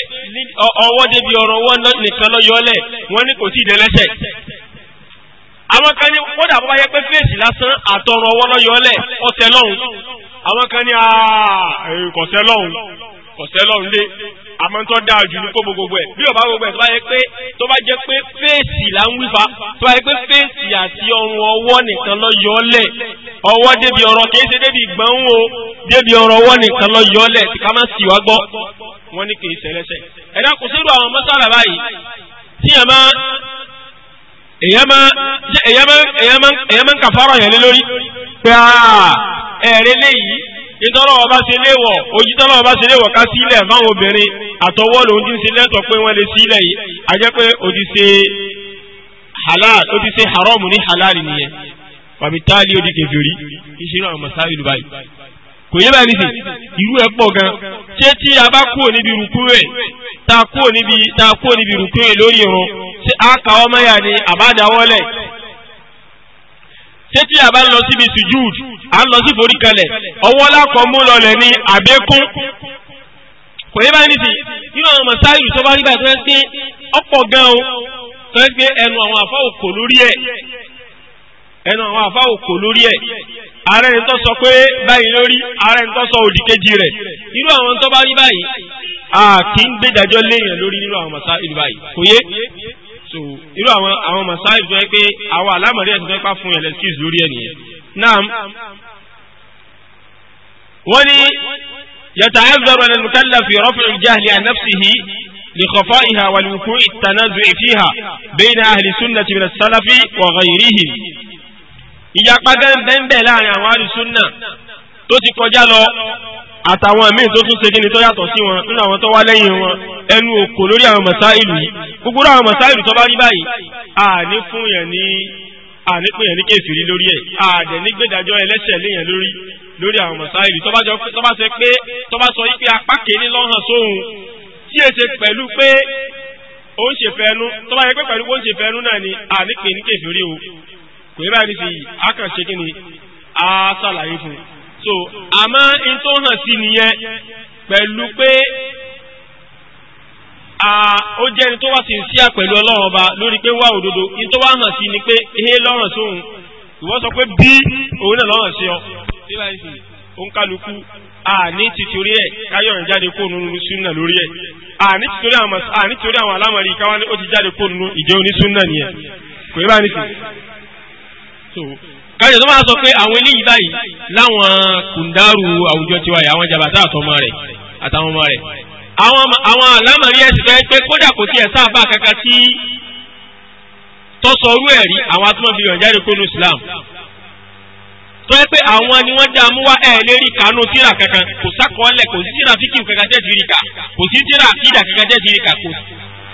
ọwọ́ débi ọrùn ọwọ́ nìkan lọ́yọ́lẹ̀ wọ́n ní kò tí ì dẹ́lẹ́sẹ̀. àwọn kan ní kódà bó bá yẹ pé fèsì lásán àtọrùn ọwọ́ lọ́yọ́lẹ̀ ọsẹ lọ́hùn àwọn kan ní kọ̀sẹ̀ lọ́hùn kọ̀sẹ́ lọ́run lé àmọ́ tó dáa jù ní kó gbogbo ẹ̀ bí ọba gbogbo ẹ̀ tó bá yẹ pé tó bá jẹ́ pé fèsì là ń wífa tó bá yẹ pé fèsì àti ọrùn ọwọ́ nìkan lọ yọ ọ́ lẹ̀ ọwọ́ débi ọ̀rọ̀ kìí ṣe débi gbọ̀n o débi ọ̀rọ̀ ọwọ́ nìkan lọ yọ ọ́ tí ká má sì wá gbọ́ wọn ní kìí ṣẹlẹ́sẹ̀ ẹ̀dá kò sírú àwọn mọ́sálà báyìí tí ẹ̀ máa èyàn máa ń yẹn lé lórí pé ẹ̀rẹ́ léyìí ìtọ́lọ̀ ọba ṣe léwọ̀ ojú tọ́lọ̀ ọba ṣe léwọ̀ ká sílẹ̀ fáwọn obìnrin àtọwọ́ lòun ti ń ṣe lẹ́tọ̀ pé wọ́n lè sílẹ̀ yìí a jẹ́ pé o ti ṣe halal o ti ṣe haram ní halal nìyẹn wàbí táàlì o ti kẹfìrí ìṣirò àwọn masáyì ló báyìí kò yẹ báyìí nìsí irú ẹ pọ̀ gan ṣé tí a bá kúrò níbi rúkú rẹ̀ tá a kúrò níbi rúkú rẹ̀ lórí irun ṣé a kà ọmọ yà ni àbádáwọ́lẹ̀ sétí àbá lọ síbi sujud à ń lọ sí forí kalẹ̀ ọwọ́ lákọ̀ mú lọlẹ̀ ní àbẹ́kún kò yẹ báyìí nìsín nínú àwọn mọ̀sáyì tó bá rí báyìí tó yẹ pé ọ̀pọ̀ gan-an tó yẹ pé ẹnu àwọn àfa òkò lórí ẹ̀ ẹnu àwọn àfa òkò lórí ẹ̀ ààrẹ ní sọ pé báyìí lórí ààrẹ ní sọ òdì kejì rẹ̀ nínú àwọn tó bá báyìí a kì í gbẹ́dájọ́ léèyàn lórí nínú àwọn mọ̀sáyì báyìí kò yẹ so irú àwọn àwọn masáyì tó yẹ pé àwọn alámọ̀rí ẹ̀sìn tó yẹ pá fún yẹn lẹ́sìkìs lórí ẹ̀ nìyẹn náà wọ́n ní yata'azzaru an al-mukallaf fi raf'i al-jahli an nafsihi li khafaiha wa wuqu'i at-tanazu'i fiha bayna ahli sunnati min as-salafi wa ghayrihim ìyapa gẹ́gẹ́ bẹ́ẹ̀ láàrin àwọn ahli sunna tó ti kọjá lọ àtàwọn míì tó tún ṣe kí ni tó yàtọ̀ sí wọn nínú àwọn tó wá lẹ́yìn wọn ẹnu òkò lórí àwọn mọ̀sáìlù yìí gbogbo àwọn mọ̀sáìlù tó bá rí báyìí àní fún yẹn ní àní fún yẹn ní kèfìrí lórí ẹ̀ àdẹ̀ nígbèdájọ́ ẹlẹ́ṣẹ̀ léyàn lórí lórí àwọn mọ̀sáìlù tó bá sọ pé tó bá sọ pé apá kìíní lọ́hàn sóhun tí è ṣe pẹ̀lú pé ó ń ṣèfẹ́nu tó bá yẹ pé pẹ̀lú pé ó ń ṣèfẹ́nu náà ni àní pè ni a so àmọ́ in tó hàn sí nìyẹn pẹ̀lú pé ó jẹ́ ẹni tó wá sí sí lori ọlọ́run ọba lórí pé wá òdodo tó wá hàn sí ni pé ehe lọ́rùn sóhun sọ pé bí òun náà lọ́rùn sí ọ òǹkàlùkù àní tìtorí ẹ̀ káyọ̀rìn jáde kó nínú súnà lórí àní àwọn alámọ̀rí káwá ó ti jáde nínú ìjẹ́ onísúnà nìyẹn kò sọ pé àwọn eléyìí báyìí láwọn kùndàrú àwùjọ tiwa yìí àwọn jàbàtà àtọmọ rẹ̀ àtàwọn ọmọ rẹ̀ àwọn àlámọ̀rí ẹ̀sìn fẹ́ pé kódà kò tiẹ̀ sáàbà kankan tí tọ́sọ̀rú ẹ̀rí àwọn atúmọ̀ fi yọ̀njáde kó nu Islam tó yẹ pé àwọn ni wọ́n dá mú wá ẹ̀ lérí kanú tíra kankan kò sákọọ́lẹ̀ kò sí tíra fíkì kankan tẹ̀ sí ríkà kò sí tíra kídà kankan tẹ̀ sí ríkà kò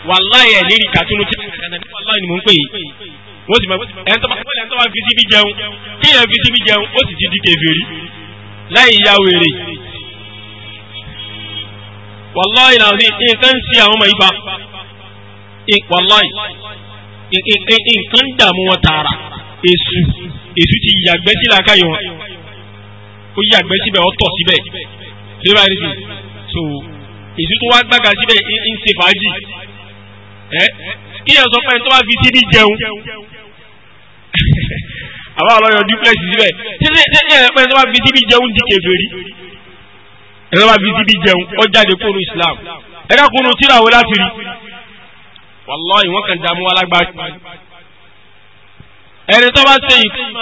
wàláyé lérí kàtúnú tíra kankan tẹ̀ wàláyé ni mò ń pè yìí wọ́n sì mọ̀ ẹni tó bá wọ́n lẹ́ni tó bá fi síbi jẹun kí yẹn fi síbi jẹun ó sì ti di kèfèrí láì ya wèrè. wàláì làwọn ní nǹkan ń ṣe àwọn ọmọ ibà wàláì nǹkan ń dààmú wọn tààrà èṣù èṣù ti yàgbẹ́ sí làákàyè wọn ó yàgbẹ́ síbẹ̀ ó tọ̀ síbẹ̀ ṣé báyìí nìyí so èṣù tó wá gbàgà síbẹ̀ ń ṣe fàájì ẹ́ kí ẹ sọ pé tó bá fi síbi jẹun àbá ọlọ́yọ̀ duplex síbẹ̀ títí títí ẹ pé tó bá fi síbi jẹun di kèfèrí ẹ tó bá fi síbi jẹun ó jáde kóru Islam ẹ ká kunu tíra wo láti rí wàláhì wọn kàn dààmú alágbára ẹni tó bá ṣe ìkúmọ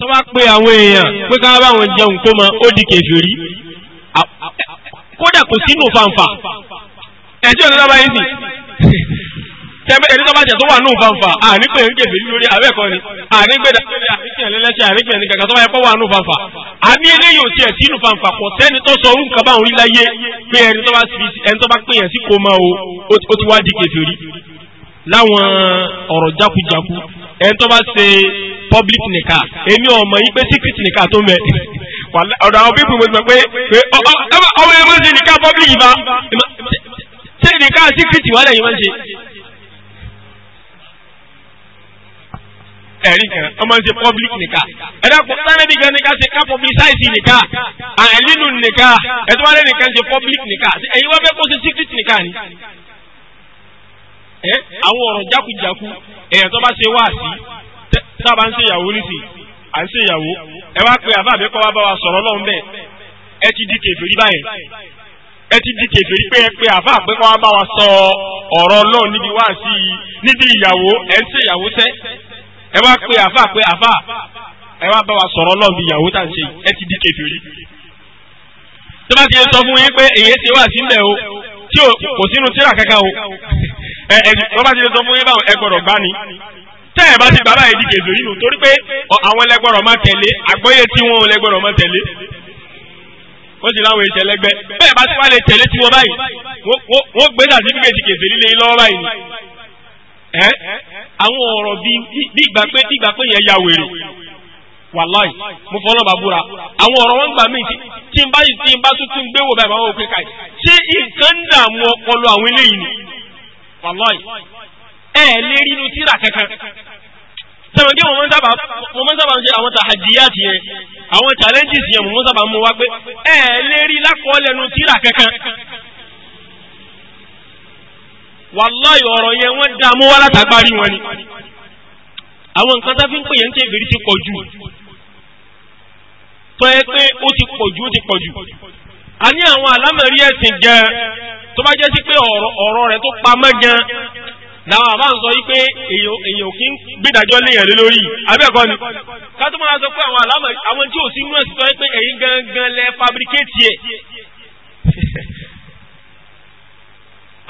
tó bá pe àwọn èèyàn pé ká bá wọn jẹun kó mọ ó di kèfèrí kódà kò sínú fanfa ẹjọ́ ìlú lọ́ba tẹ́fẹ́ ẹni tó bá jẹ́ tó wà nùn fanfa ànípẹ́ ń gèbè lórí àwẹ́ kan ni ànígbẹ́ dàgbẹ́ àníkẹ́ ẹlẹ́lẹ́sẹ̀ ànígbẹ́ ẹni kankan tó bá yẹ kó wà nùn fanfa àní eléyìí ò tiẹ̀ sínú fanfa kò sẹ́ni tó sọ orúkọ bá òun láyé pé ẹni tó bá ẹni tó bá pè yàn sí kò máa o ó ti wá di kèfèrí láwọn ọ̀rọ̀ jákujáku ẹni tó bá ṣe public nìka èmi ọmọ yìí pé secret nìka tó mẹ ọ̀dọ̀ àwọn pípù mo ti mọ̀ pé ọmọ ẹ̀ mọ̀ sí nìka public yìí bá ṣé nìka secret wà lẹ́yìn máa ń ṣe. ẹ̀rí kan wọ́n máa ń ṣe public nìka ẹ̀dá kò sanabi gan nìka ṣe ká publicize nìka àìlínú nìka ẹ̀tọ́ wàlẹ̀ nìkan ṣe public nìka ẹ̀yin wọ́n fẹ́ kó ṣe secret nìka ni. ẹ àwọn ọ̀rọ̀ jákujàku èèyàn tó bá ṣe wá sí sábà ń ṣe ìyàwó nísì à ń ṣe ìyàwó ẹ wá pé àbá àbẹ́kọ́ wa bá wa sọ̀rọ̀ lọ́wọ́ bẹ́ẹ̀ ẹ ti di kèfèrí báyẹn ẹ ti di kèfèrí pé ẹ pé àbá àbẹ́kọ́ wa bá wa sọ ọ̀rọ̀ lọ́wọ́ níbi wá sí níbi ìyàwó ẹ ń ṣe ìyàwó sẹ́ ẹ wá pé àfà pé àfà ẹ wá bá wa sọ̀rọ̀ ọlọ́run bíi ìyàwó tá à ń ṣe ẹ ti di kèfèrí. tó bá ti sọ fún yín pé èyí ti wà sílẹ̀ o tí o kò sínú tíra kankan o ẹ ẹ tó bá ti sọ fún yín báwọn ẹ gbọ́dọ̀ gbá ni tẹ́ ẹ̀ bá ti bàbá yìí di kèfèrí nù torí pé àwọn ẹlẹ́gbọ́dọ̀ máa tẹ̀lé àgbọ́yé tí wọn ò lẹ́gbọ́dọ̀ máa tẹ̀lé ó sì láwọn èsì ẹlẹ́gbẹ́ bẹ́ẹ̀ bá ti wá lè tẹ̀lé tiwọn báyìí wọ́n gbé dàsí bí kèsì kèfèrí lé lọ́wọ́ báyìí ẹ àwọn ọ̀rọ̀ bíi ìgbà pé ìgbà pé ya wèrè wàláì mo fọ́ náà bá búra àwọn ọ̀rọ̀ wọn gbà tí n bá yìí tí n bá tún tún gbéwò báyìí báwọn òkè káyì ṣé nǹkan ń dààmú ọpọlọ àwọn eléyìí ni wàláì ẹ lè rí inú tíra kankan sọ̀rọ̀ mo máa ń sábà ń ṣe àwọn tàhàdíyàtì yẹn àwọn challenges yẹn mo máa ń sábà mú pé kankan wàláyé ọ̀rọ̀ yẹn wọ́n dá mú wá látàgbárí wọn ni àwọn nǹkan tá fi ń pè yẹn ń kébìrì ti pọ̀ jù tọ́ ẹ pé ó ti pọ̀ jù ó ti pọ̀ jù a ní àwọn àlámọ̀rí ẹ̀sìn jẹ tó bá jẹ́ sí pé ọ̀rọ̀ rẹ̀ tó pamọ́ gan làwọn àbá ń sọ yí pé èèyàn kì í gbìdájọ́ léèyàn lé lórí abẹ́ẹ̀kọ́ ni ká tó sọ pé àwọn àlámọ̀rí àwọn tí ò sí inú ẹ̀sìn tọ́ ẹ pé ẹ̀yin gangan lẹ fabricate yẹ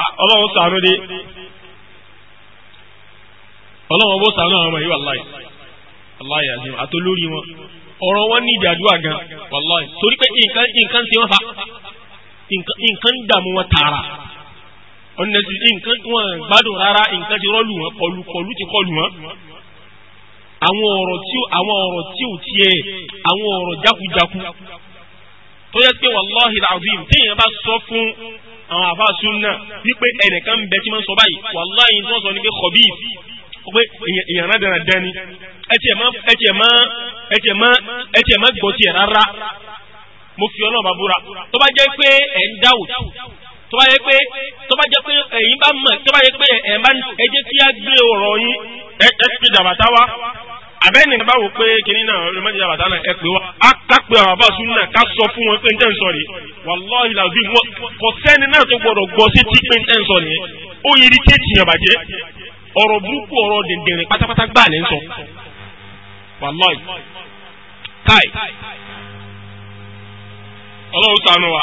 Ah, ọlọ́run ṣàánú dé ọlọ́run bó ṣàánú àwọn ọmọ yìí wàláì wọn ọ̀rọ̀ wọn ní ìdí àdúrà gan wàláì torí pé nǹkan nǹkan ti wọn fa nǹkan dààmú wọn tààrà ọ̀nẹ́sì nǹkan wọn gbádùn rárá nǹkan ti rọ́ọ̀lù wọn kọlu kọlu ti kọlu wọn àwọn ọ̀rọ̀ tí àwọn ọ̀rọ̀ tí ò tiẹ̀ àwọn ọ̀rọ̀ jákujáku tó yẹ pé bá sọ fún àwọn àfa sunna wípé ẹnìkan bẹ tí wọ́n sọ báyìí wàláyé tí wọ́n sọ ní pé khabith pé èèyàn náà dára dání ẹtìẹ̀ má ẹtìẹ̀ má ẹtìẹ̀ má ẹtìẹ̀ má gbọ́ tiẹ̀ rárá mo fi ọlọ́ọ̀bá búra tó bá jẹ́ pé ẹ̀ ń dáwò tó bá pé tó jẹ́ pé ẹ̀yin bá mọ̀ tó bá pé ẹ̀ máa ń ẹ jẹ́ kí á gbé ọ̀rọ̀ yín ẹ ti fi dàbàtà wá abẹ́ni bá wò pé kínní náà ọlọ́mọdé yàrá bàtà náà ẹ pé wá ká pé àwọn àbá sunu náà ká sọ fún wọn pé n tẹ́ ń sọ rèé wàláhi làbí wọn kò sẹ́ni náà tó gbọdọ̀ gbọ́ sí tí pé n tẹ́ ń sọ rèé ó yiri tí ètìyàn bàjẹ́ ọ̀rọ̀ burúkú ọ̀rọ̀ dèndèrè pátápátá gbà ní sọ wàláhi káì ọlọ́run ṣàánú wa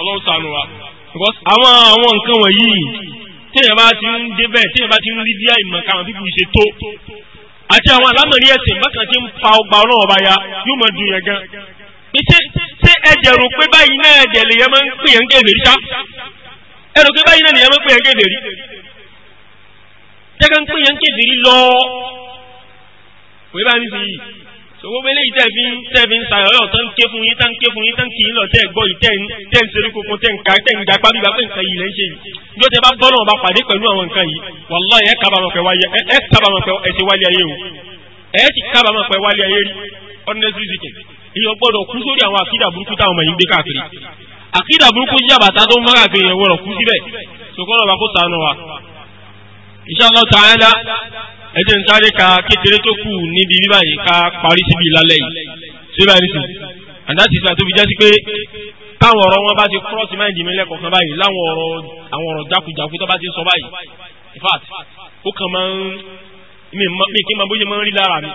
ọlọ́run ṣàánú wa àwọn àwọn nǹkan wọ̀nyí téèyàn bá ti ń débẹ̀ téèyàn bá ti ń rí bí àìmọ̀ káwọn bíbù ṣe àti àwọn alámọ̀rí ẹ̀sìn bákan tí ń fa ọgbà ọlọ́run ọba ya yóò máa dùn yẹn gan. ṣé ṣé ẹ̀jẹ̀ rò pé báyìí náà ẹ̀jẹ̀ lèyẹn máa ń pè yẹn kéde rí sá ẹ̀rọ pé báyìí náà lèyẹn máa ń pè yẹn kéde rí. ṣé ká pè yẹn kéde rí lọ kò bá ní sí yìí gbogbo eléyìí tẹ́ fi ń tẹ́ fi ń sayọ̀ ọ̀yọ̀ tó ń ké fún yín tó ń ké fún yín tó ń kì í lọ tẹ́ gbọ́ yìí tẹ́ ń tẹ́ ń ṣeré kókó tẹ́ ń ka tẹ́ ń ga pálí ìgbà pé nǹkan yìí lẹ́ ń ṣe yìí bí ó tẹ́ bá bọ́ náà bá pàdé pẹ̀lú àwọn nǹkan yìí wàláhì ẹ̀ kábàámọ̀ pẹ̀ wáyé ẹ̀ kábàámọ̀ pẹ̀ ẹ̀ṣẹ̀ wálé ayé o ẹ̀ ti kábàámọ̀ pẹ̀ wálé ayé rí honestly speaking èèyàn gbọ́dọ̀ kú sórí àwọn àkídà burúkú táwọn ọmọ yìí ń gbé káàkiri àkídà burúkú jẹ́ àbàtà tó ń mọ́ra àgbè èèyàn wọ̀rọ̀ kú síbẹ̀ ṣùgbọ́n ọba kó sànù wa. Insha Allah ẹ jẹ́ n sáré ka kékeré tó kù níbi bíbá yìí ká parí síbi lálẹ́ yìí ṣé báyìí nìsín àdáṣì sá tó fi jásí pé táwọn ọ̀rọ̀ wọn bá ti kọ́ọ̀sì máa ń dì mí lẹ́kọ̀ọ̀kan báyìí láwọn ọ̀rọ̀ àwọn ọ̀rọ̀ jákujàku tó bá ti sọ báyìí in ó kàn máa ń mi kí n máa bóyá máa ń rí lára mi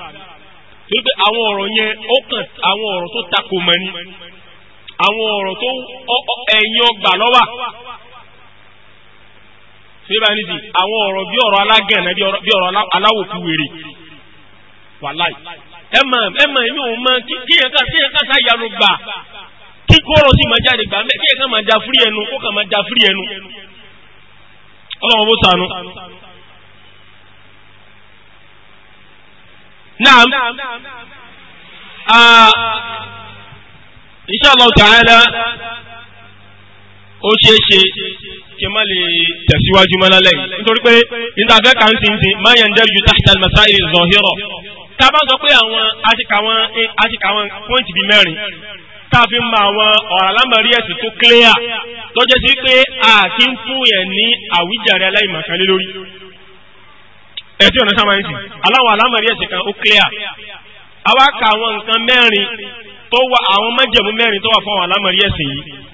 torí pé àwọn ọ̀rọ̀ yẹn ó kàn àwọn ọ̀rọ̀ tó takò mọ́ ni àwọn ọ̀rọ̀ tó ẹ̀yìn ọgbà lọ́wà síbẹ̀ ní ti àwọn ọ̀rọ̀ bí ọ̀rọ̀ alágẹ̀nà bí ọ̀rọ̀ aláwòkú wèrè wàláì ẹ mọ̀ ẹ mọ̀ èmi ò mọ kí yẹn ká sí yẹn ká sáyanu gbà kí kóró sì máa jáde gbà kí yẹn ká máa da ẹnu kó kà máa da ẹnu ọlọ́run bó sànú. naam ah, insha ta'ala ó ṣeé ṣe kí tẹ̀síwájú mọ́lálẹ́ yìí nítorí pé níta-fẹ́ kan ti ń ti máa yẹn dẹ́rù ju tahta al-masail az-zahira tá a bá sọ pé àwọn àtikàwọn pọ́ǹtì bíi mẹ́rin tá a fi ń àwọn ọ̀rọ̀ alámọ̀rí ẹ̀sìn tó clear lọ́jọ́ sí pé a kì ń fún yẹn ní àwíjàre aláìmọ̀kánlé lórí ẹ̀sìn ọ̀nà sáwọn ẹ̀sìn aláwọ̀ alámọ̀rí ẹ̀sìn kan ó clear àwa ka àwọn nǹkan mẹ́rin tó wà àwọn májẹ̀mú mẹ́rin tó wà fún àwọn alámọ̀rí ẹ̀sìn yìí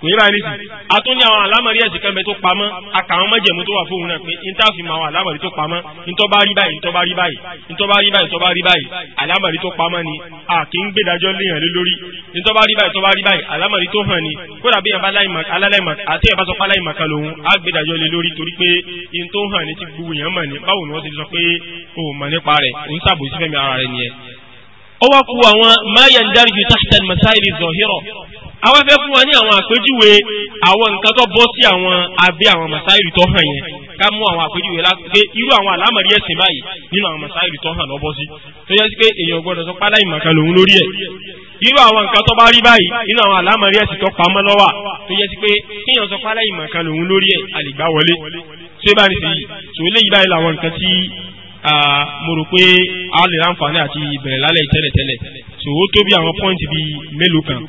kò yíra ní sí a tún ní àwọn àlámọ̀rí ẹ̀sìn kan bẹ tó pamọ́ àkàwọn mọ́jẹ̀mú tó wà fóun náà pé intafi máa wà tó pamọ́ ntọ́ba rí báyìí ntọ́ba rí báyìí ntọ́ba rí báyìí ntọ́ba rí báyìí àlámọ̀rí tó pamọ́ ni a kì í gbèdájọ́ léèyàn lé lórí ntọ́ba rí báyìí ntọ́ba rí báyìí àlámọ̀rí tó hàn ni kódà bí àti ẹ̀bá sọ pé aláìmọ̀ká lòun á gbèdájọ́ lé lórí torí pé in tó hàn ní ti gbogbo èèyàn mọ̀ ní báwo ni wọ́n ti sọ pé òun mọ̀ nípa rẹ̀ òun ṣàbòsí fẹ́mi ara rẹ̀ ó wá fún àwọn mayan dáríju tahtan masáìlì zọhírọ àwọn afẹ́ fún wa ní àwọn àpèjúwe àwọn nǹkan tó bọ́ sí àwọn abẹ́ àwọn masáìlì tó hàn yẹn ká mú àwọn àpèjúwe láti pé irú àwọn àlámọ̀rí ẹ̀sìn báyìí nínú àwọn masáìlì tó hàn lọ́bọ́ sí tó yẹ sí pé èèyàn gbọ́dọ̀ sọ pálá ìmọ̀kan lòun lórí ẹ̀ irú àwọn nǹkan tó bá rí báyìí nínú àwọn àlámọ̀rí ẹ̀sìn tó pamọ́ lọ́wà tó yẹ sí pé kéèyàn sọ pálá ìmọ̀kan lòun lórí ẹ̀ àlìgbáwọlé mo rò pé a lè ráǹfààní àti ìbẹ̀rẹ̀ lálẹ́ tẹ́lẹ̀tẹ́lẹ̀ so ó tó bí àwọn pọ́ìntì bíi mélòó kan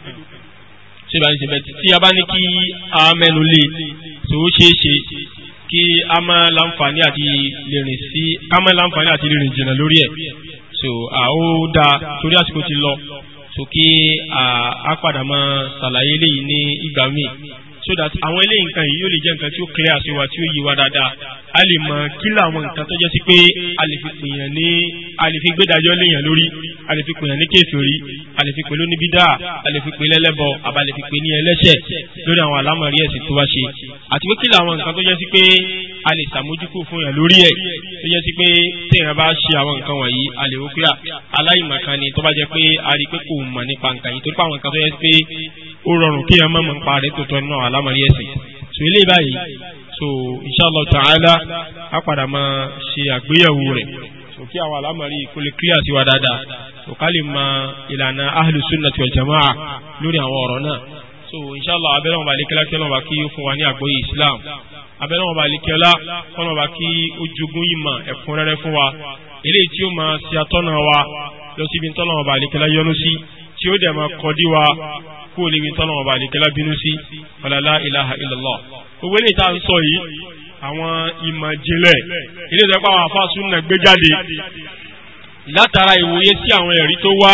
ṣé ìbáraẹni ṣe bẹ́ẹ̀ tí a bá ní kí a mẹ́nu lé so ó ṣeé ṣe kí a máa láǹfààní àti lè rìn sí a máa láǹfààní àti lè rìn jìnnà lórí ẹ̀ so a ó dáa torí àsìkò ti lọ so kí a padà máa ṣàlàyé léyìí ní ìgbà míì so that àwọn eléyìí nǹkan yìí yóò lè jẹ́ nǹkan tí ó clear sí wa tí ó yí wa dáadáa a lè mọ kí làwọn nǹkan tó jẹ́ sí pé a lè fi pèèyàn ní a lè fi gbẹ́dájọ́ léèyàn lórí a lè fi pèèyàn ní kèfèrí a lè fi pè lóní bídà a lè fi pè lẹ́lẹ́bọ àbá lè fi pè ní ẹlẹ́ṣẹ̀ lórí àwọn àlámọ̀rí ẹ̀sìn tó wá ṣe àti pé kí làwọn nǹkan tó jẹ́ sí pé a lè sàmójúkò fún yàn lórí ẹ̀ tó jẹ́ sí pé téèyàn bá ṣe àwọn nǹkan wọ̀nyí a lè wò pé aláìmọ̀kan ni tó bá jẹ́ pé a rí pé kò mọ̀ nípa nǹkan yìí torí pé àwọn nǹkan tó jẹ́ pé ó rọrùn kí yàn mọ̀mọ̀ nípa rẹ̀ tó tọ́ nínú ẹ̀sìn so eléyìí báyìí so inshallah ta'ala a padà máa ṣe àgbéyẹ̀wò rẹ̀ so kí àwọn àlámọ̀rí kó lè clear sí dáadáa so ká lè mọ ìlànà ahlu sunnati jama'a lórí àwọn so inshallah abẹ́rẹ́ wọn bá lè kílákílá islam abẹ́lẹ́ wọn bá alikẹ́lá kọ́nà bá kí ojúgun yìí mọ̀ ẹ̀kúnrẹ́rẹ́ fún wa eléyìí tí ó máa ṣe atọ́nà wa lọ síbi tọ́nà wọn bá alikẹ́lá yọ́nú sí tí ó dẹ̀ máa kọ́ dí wa kú ò níbi tọ́nà wọn bá alikẹ́lá bínú sí falala ilaha illallah gbogbo eléyìí tá à ń sọ yìí àwọn ìmọ̀ jinlẹ̀ eléyìí tó pàwọn àfa súnà gbé jáde látara ìwòye sí àwọn ẹ̀rí tó wá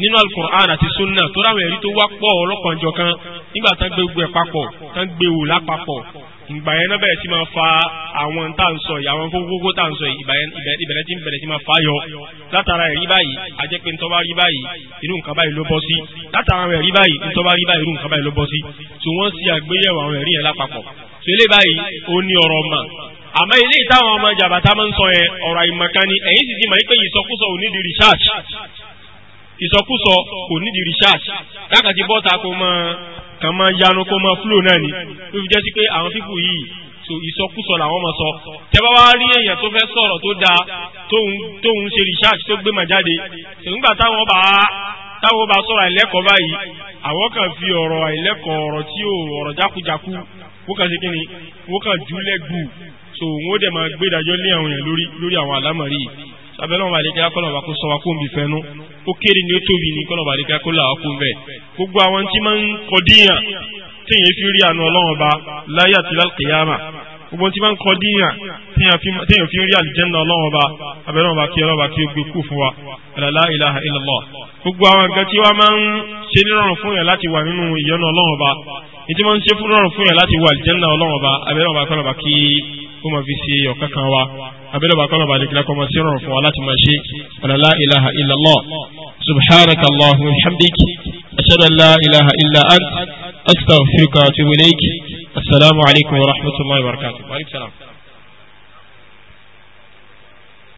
nínú alukur'an àti sunna tó ráwọn ẹ̀rí tó wá pọ̀ ọlọ́kanjọ̀kan nígbà tán gbé gbogbo papọ̀ tán gbé wò lápapọ̀ ìgbà yẹn náà bẹ̀rẹ̀ sí máa fa àwọn tá à ń sọ yìí àwọn kókókó tá à ń sọ yìí ìbẹ̀rẹ̀ tí ń bẹ̀rẹ̀ sí máa fa yọ látara ẹ̀rí báyìí ajẹ́pé ń tọ́ba rí báyìí irú nǹkan báyìí ló bọ́ sí látara ẹ̀rí báyìí ń tọ́ba rí báyìí irú nǹkan báyìí ló bọ́ sí tí wọ́n ṣe àgbéyẹ̀wò àwọn ẹ̀rí yẹn lápapọ̀ tó ilé báyìí ó ní ọ̀rọ̀ mà àmọ́ ilé ìtàwọn ọmọ jàbàtà máa ń sọ yẹn ọ̀rọ̀ àìmọ̀kan ìsọkúsọ kò nídìí research káàkà ti bọ́ta kó mọ kàn mọ yanu kó mọ flow náà ni tó fi jẹ́ sí pé àwọn fífù yìí so ìsọkúsọ làwọn mọ sọ tẹ́bá wá rí èèyàn tó fẹ́ sọ̀rọ̀ tó dáa tóun ṣe research tó gbé mà jáde ṣèǹgbà táwọn bá táwọn bá sọ̀rọ̀ àìlẹ́kọ̀ọ́ báyìí àwọn kan fi ọ̀rọ̀ àìlẹ́kọ̀ọ́ ọ̀rọ̀ tí ò ọ̀rọ̀ jákujáku wọ́n kàn sí kíni wọ́n kàn jùlẹ̀ gbù so wọ́n dẹ̀ máa gbé ìdájọ́ lé àwọn èèyàn lórí lórí àwọn àlámọ̀rí yìí abẹ́lẹ́ wọn bá lè kíá kọ́nà bá kó sọ wa kó ń bì fẹ́nu ó kéré ni ó tóbi ní kọ́nà bá lè kíá kó là wá kó ń bẹ̀ gbogbo àwọn tí máa ń kọ díyàn téèyàn fi rí àánú ọlọ́run ba láyé àti lákèyàmà gbogbo tí máa ń kọ díyàn téèyàn fi rí àlìjẹ́nà ọlọ́run ba abẹ́lẹ́ wọn bá kí ọlọ́run bá kí ó gbé kú fún wa la ilaha illallah gbogbo àwọn nǹkan tí wọ́n máa ń ṣe nírọ̀rùn fún yàn láti wà nínú ìyọ́nà ọlọ́run ba ìdí máa ń ṣe fún rọrùn fún yàn láti wà àlìjẹ́nà ọlọ́run ọba abẹ́rẹ́ ọba kọ́lọ́ba kí ó máa fi ṣe ọ̀kan kan wa abẹ́rẹ́ ọba kọ́lọ́ba àdìgbìlá kọ́ máa ṣe rọrùn fún wa láti máa ṣe ọ̀làlá ilaha illallah subhanaka allahumma hamdik ashhadu an ilaha illa ant astaghfiruka wa atubu ilayk assalamu alaykum wa rahmatullahi wa barakatuh.